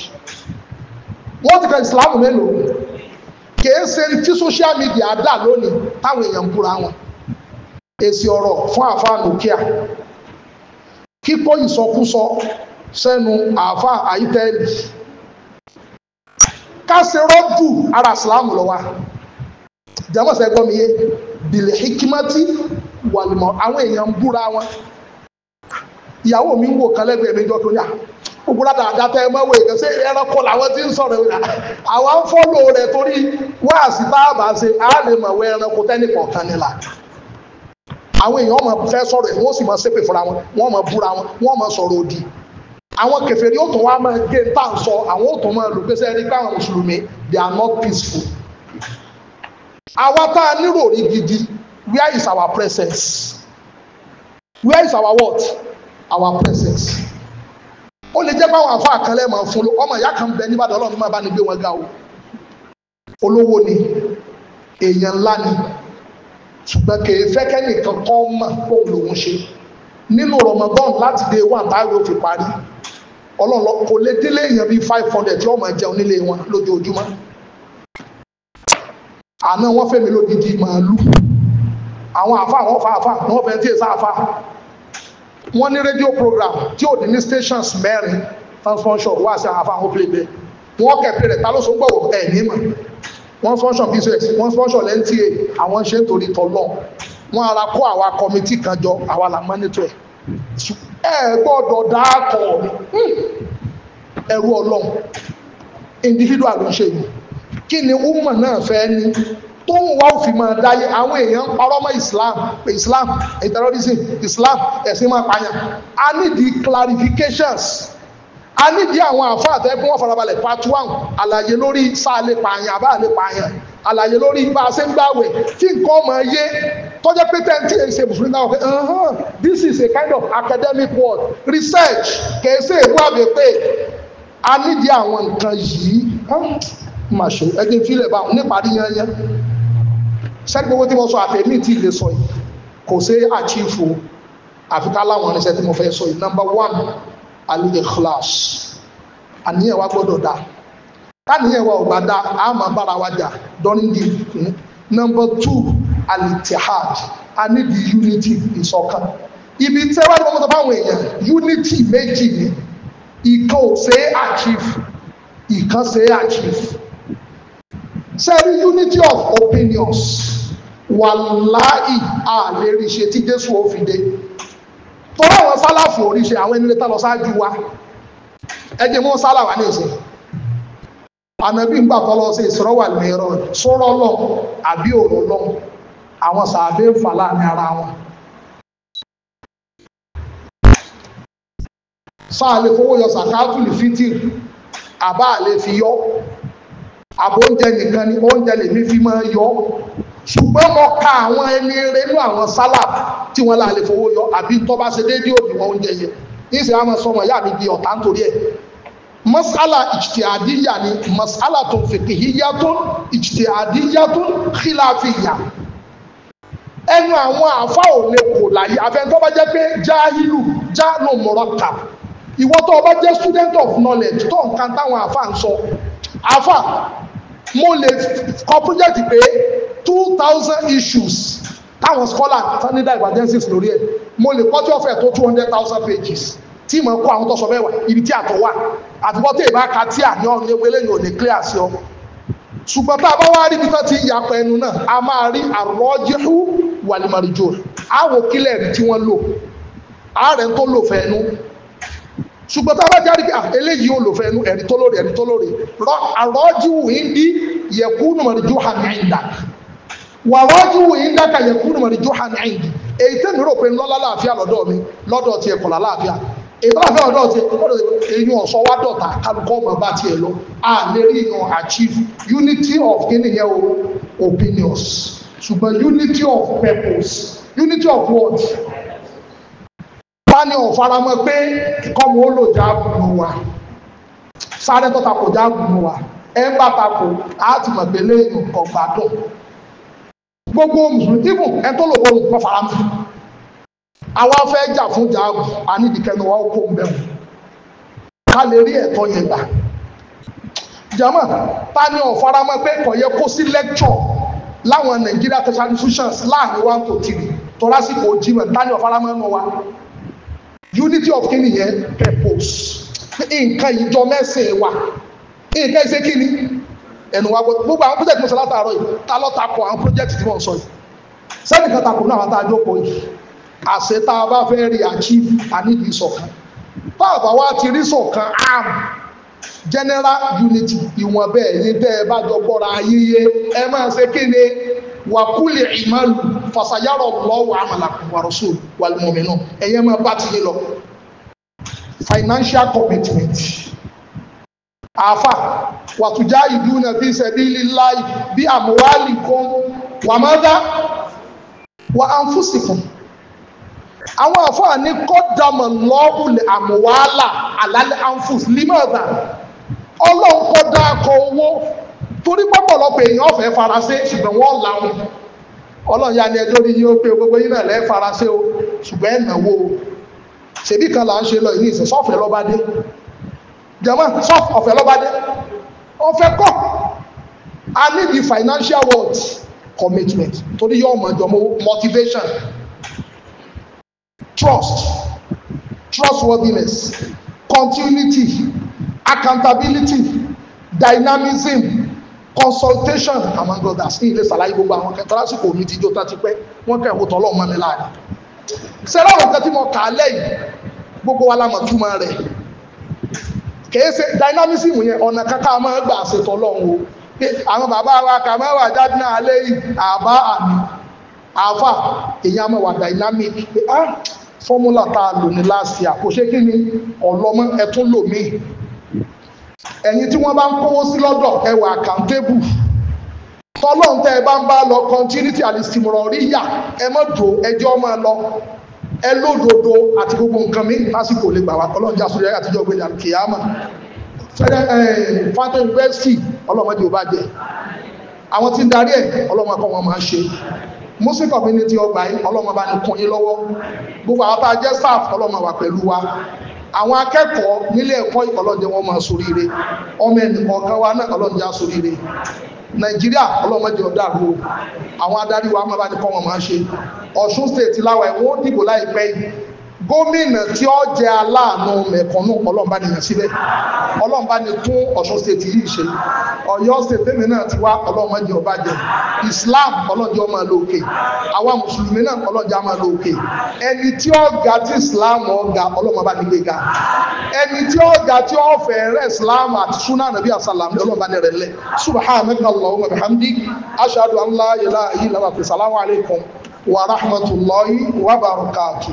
wọ́n ti ka ìsìláàmù mélòó kìí ṣe tí social media dà lónìí táwọn èèyàn ń búra wọn èsì ọ̀rọ̀ fún àáfàá nokia kíkọ́ ìsọkúsọ sẹ́nu àáfàá àyítẹ́ẹ̀lì ká ṣe rọ́dù ara ìsìláàmù lọ́wọ́ jẹ́mọ̀sẹ̀ gbọ́ mi yé bìlẹ̀ hikimati wàlùmọ̀ àwọn èèyàn ń búra wọn ìyàwó mi ń wò kan lẹ́gbẹ̀ẹ́ mi jọ tó yà ògùn ẹ ẹranko làwọn ti ń sọ̀rọ̀ a ṣe á lè mọ̀ wẹ ẹranko tẹ́nìkọ̀ kan nílà àwọn èèyàn máa fẹ́ sọ̀rọ̀ ẹ̀ wọ́n sì máa ṣépè fúnra wọn wọ́n Awọn búra wọn wọ́n máa sọ̀rọ̀ òdì àwọn sọ àwọn ó tún máa lò they are not peaceful àwa tá a nírò rí gidi where is our presence where is our what our presence ó lè jẹ́ báwọn àfọ àkànlẹ̀ máa fún ọmọ ìyá kan bẹ nígbàdàn ọlọ́run máa bá ní gbé wọn ga o olówó ni èèyàn ńlá ni ṣùgbọ́n kì í fẹ́ kẹ́nìkan kan mọ̀ kó lòun ṣe nínú Ramadan láti dé wà táwọn òfin parí ọlọ́run kò lè délé èèyàn bíi five hundred tí wọ́n máa jẹun nílé wọn lójoojúmọ́ àná wọ́n fẹ́ mi lódìdí màálù àwọn àfa àwọn fa àfa wọ́n fẹ́ tí èsà àfa wọ́n ní rédíò program tí ò ní ní stations mẹ́rin transfunction wá sí àwọn àfa àwọn play bẹ́ẹ̀ wọ́n kẹ̀pẹ́ rẹ̀ ta ló so gbọ̀wọ̀ ẹ̀ ní mà wọ́n function business wọ́n function lẹ́ńtìrè àwọn ṣe ń torí tọ́lọ́ wọ́n ara kó àwa kọ́mítì kan jọ àwa là mọ́nítọ̀ ẹ̀ ẹ̀ gbọ́dọ̀ dáàkọ̀ hmm. ẹ̀rú ọlọ́run individual ló ń ṣe yìí kí ni umma náà fẹ́ ní tó ń wá òfin máa dáyé àwọn èèyàn parọ́ mọ́ islam islam a terrorism islam ẹ̀sìn máa pààyàn a nídìí clarifications a nídìí àwọn àfáà tẹ́ pé wọ́n farabalẹ̀ part one àlàyé lórí sáà lè pààyàn àbá lè pààyàn àlàyé lórí bá a ṣe ń gbàwẹ̀ tí nǹkan máa yé tọ́jọ́ pé tẹ́ǹtì èsè mùsùlùmí náà wọ́n hàn this is a kind of academic word research kèése ìwé àgbẹ̀pẹ̀ a the àwọn nǹkan yìí má ṣe ẹgbẹ́ ìfilẹ̀ bá níparí yányán sẹ́gbẹ́wó tí mo sọ àtẹ̀mí tí ilé sọ yìí kò sí àchífò àfikà láwọn irinṣẹ́ tí mo fẹ́ sọ yìí nọ́mbà one al-ikhlas àníyàn wa gbọ́dọ̀ dá káníyàn wa ò bá dá a máa bára wa jà during the week hmm. nọ́mbà two al-ittihad a need unity ìṣọ̀kan ibi tí ẹ bá ní ọmọdé báwọn èèyàn unity méjì ni ìkan ò sí àchífò ìkan sí àchífò sẹ́rí unity of opinions wàláì àlè rí ṣe tí Jésù ó fi dé tọ́lá àwọn sálàfù oríṣẹ́ àwọn ẹni létà lọ sáájú wa ẹjẹ mọ́ sálà wà ní ìsìn ànàbí ń gbàtọ́ lọ sí ìsọ̀rọ̀ wà lẹ́rọ sọ̀rọ̀ lọ àbí òrò lọ àwọn sàbẹ̀ ń fà láàrin ara wọn. sáà lè fowó yọ sàkáàtù lè fìtì àbá lè fi yọ àbò oúnjẹ nìkan ni oúnjẹ lèmi fi máa yọ ṣùgbọ́n mo ka àwọn ẹni rẹnu àwọn sálàb tí wọ́n là lè fowó yọ àbí tó bá ṣe déédéé òdiwọ̀n oúnjẹ yẹn ìṣe àwọn sọmọ ìyá mi di ọ̀tá nítorí ẹ̀ masala ìjìtìhàdíyà ni masala tó fìkìhíyà tó ìjìtìhàdíyà tó kìláfìyà ẹnu àwọn àfa ò lè kò láyé àfẹnutọ́ bá jẹ́ pé jáhìlù jáàlù mọ̀rọ̀kà ìwọ tó o bá jẹ́ student of knowledge tó nǹkan táwọn àfa ń sọ àfa mo lè kọ project pé two thousand issues táwọn scholar sanida emergencies lórí ẹ̀ mo lè kọ́ tí wọ́n fẹ́ tó two hundred thousand pages tí mo kọ́ àwọn tó sọ mẹ́wàá ibi tí àtọ̀ wà àtibọ́ tó ìbá ka tí àní ọ̀run ewé lẹ́yìn ò ní clear sí ọ ṣùgbọ́n tá a bá wá rí ibi tó ti yapa ẹnu náà a máa rí àrọ́jẹ́hù wàlìmọ̀rìjò àwọn òkìlẹ̀ tí wọ́n lò ààrẹ tó lò fẹ́ ẹnu ṣùgbọ́n tá a bá jáde pé eléyìí ò lò fẹ́ nu ẹ̀rí tó lórí ẹ̀rí tó lórí àrọ́jú ìdí yẹ̀kúnù mọ̀rìjú hàmì àìdá wà rọ́jú ìdá ka yẹ̀kúnù mọ̀rìjú hàmì àìdí èyí tẹ́ nírò pé ńlọ́lá láàfíà lọ́dọ̀ mi lọ́dọ̀ tiẹ̀ kọ̀lá láàfíà ìbáfẹ́ ọ̀dọ́ ti eyín ọ̀sọ́ wá dọ̀tà kálukọ́ ọmọ bá tiẹ̀ lọ a lè rí yan achieve unity of kíni yẹn opinions ṣùgbọ́n unity of purpose unity of what tani ò faramọ́ pé kọ́mù ó lò jáàbùnú wa sáré tó takò jáàbùnú wa ẹ ń bá takò á ti mọ̀ pé lẹ́yìn nǹkan gbádùn gbogbo mùsùlùmí ibùn ẹ tó lò wọ́n lọ́ faramọ́ àwa fẹ́ jà fún jáàbù ànídìkẹ́nu wa ó kó mbẹ́wò ká lè rí ẹ̀tọ́ yẹn gbà jama tani ò faramọ́ pé kò yẹ kó sí lecture láwọn Nigeria tertiary institutions láàrin wa tó tiri tọ́lásìkò jimẹ̀ tani ò faramọ́ nù wa unity of kí nìyẹn purpose nǹkan ìjọ mẹ́sìn wa nǹkan ìṣe kí ni ẹnu wa gbogbo àwọn project mo sọ látàárọ̀ yìí ta ló takò àwọn project tí wọ́n sọ yìí sẹ́ni kan takò náà àwọn tá a jókòó yìí àṣẹ tá a bá fẹ́ rí achieve àníbi ìṣọ̀kan tá a bá wá ti rí ṣọ̀kan arm general unity ìwọ̀n bẹ́ẹ̀ yín tẹ́ ẹ bá jọ gbọ́ra ayé yé ẹ máa ṣe kí wàkúlì ìmọ̀lù fàṣàyàrọ̀ lọ́wọ́ àmàlàkùn wàrọ̀sọ wàlùmọ̀mí náà ẹ̀yẹ́ máa bá ti yé lọ. financial commitment àfà wàtújá ìlú nàbí sẹ́bílì láì bí àmúwálì kan wàmọ́dá wà á ń fúsì fún. àwọn àfáà ní kọ́dàmọ̀ lọ́ọ̀bùlẹ̀ àmúwálà àlálẹ̀ àǹfùs límọ̀dà ọlọ́run kọ́ dáa owó torí pọ́pọ̀lọpọ̀ èèyàn ọ̀fẹ́ faransé ṣùgbọ́n wọ́n làwọn ọlọ́run yá ni ẹjọ́ rí yín ó pé gbogbo yín náà lẹ́ faransé o ṣùgbọ́n ẹ̀ náwó o ṣèbí kan là ń ṣe lọ ìní ìsìn sọ́ọ̀fẹ́ lọ́ba dé jẹ́mọ́ sọ́ọ̀fẹ́ ọ̀fẹ́ lọ́ba dé ọ̀fẹ́ kọ́ I need the financial world commitment torí yóò mọ̀ jọ motivation trust trustworthiness continuity accountability dynamism consultation among brothers ní ilé ṣàlàyé gbogbo àwọn kẹta lásìkò mi ti jó tá ti pẹ́ wọ́n kẹ́ ìwòtọ́ ọlọ́run mọ́ mi láàrin sẹ́rẹ́ àwọn kan tí mo kà á lẹ́yìn gbogbo wa la mọ̀ túmọ̀ rẹ̀ kìí ṣe dynamism yẹn ọ̀nà kàkà máa gbà ṣètò ọlọ́run o àwọn bàbá wa kà máa wà jáde náà lẹ́yìn àbá àmì àfà èèyàn máa wà dynamic ah formula tá a lò ní last year kò ṣe kí ni ọ̀lọ́mọ ẹ̀tún lò míì ẹ̀yin tí wọ́n bá ń kówó sí lọ́dọ̀ ẹwà àkàǹtébù tọ́lọ́n tẹ́ ẹ bá ń bá lọ continuity àlìsìmọ̀rọ̀ rí yà ẹ mọ́ dò ẹjọ́ máa lọ ẹ lódodo àti gbogbo nǹkan mi lásìkò lè gbà wá ọlọ́run já sórí àtijọ́ gbé ìyá kìyàmà fẹ́rẹ́ fátó yunifásitì ọlọ́mọdé ò bá jẹ àwọn tí ń darí ẹ̀ ọlọ́mọkọ́ wọn máa ń ṣe muslim community ọgbà yìí ọlọ́mọba ní kún yín lọ́wọ́ gbogbo àwọn tá a jẹ́ staff ọlọ́mọ wà pẹ̀lú wa àwọn akẹ́kọ̀ọ́ nílé ẹ̀kọ́ ọlọ́dẹ wọn máa soríire ọmọ ẹnìkọ̀ọ̀kan wa náà ọlọ́dẹ á soríire nàìjíríà ọlọ́mọdé ọ̀dà ro àwọn adarí wa máa bá ní kọ́ wọn máa ṣe ọ̀ṣun state láwa ẹ̀wọ̀n dìbò láìpẹ́ yìí gómìnà tí ó jẹ aláàánú mẹ̀kànnú ọlọ́ọ̀bá nìyàn síbẹ̀ ọlọ́ọ̀bá ni tún ọ̀ṣun state yìí ṣe ọ̀yọ́ state náà ti wá ọba jẹ islam òkè àwa mùsùlùmí náà òkè ẹni tí ó ga islam ọ̀gá ọlọ́ọ̀mọba ni gbé ga ẹni tí ó ga tí ó fẹ́ rẹ̀ islam àti sunnah ni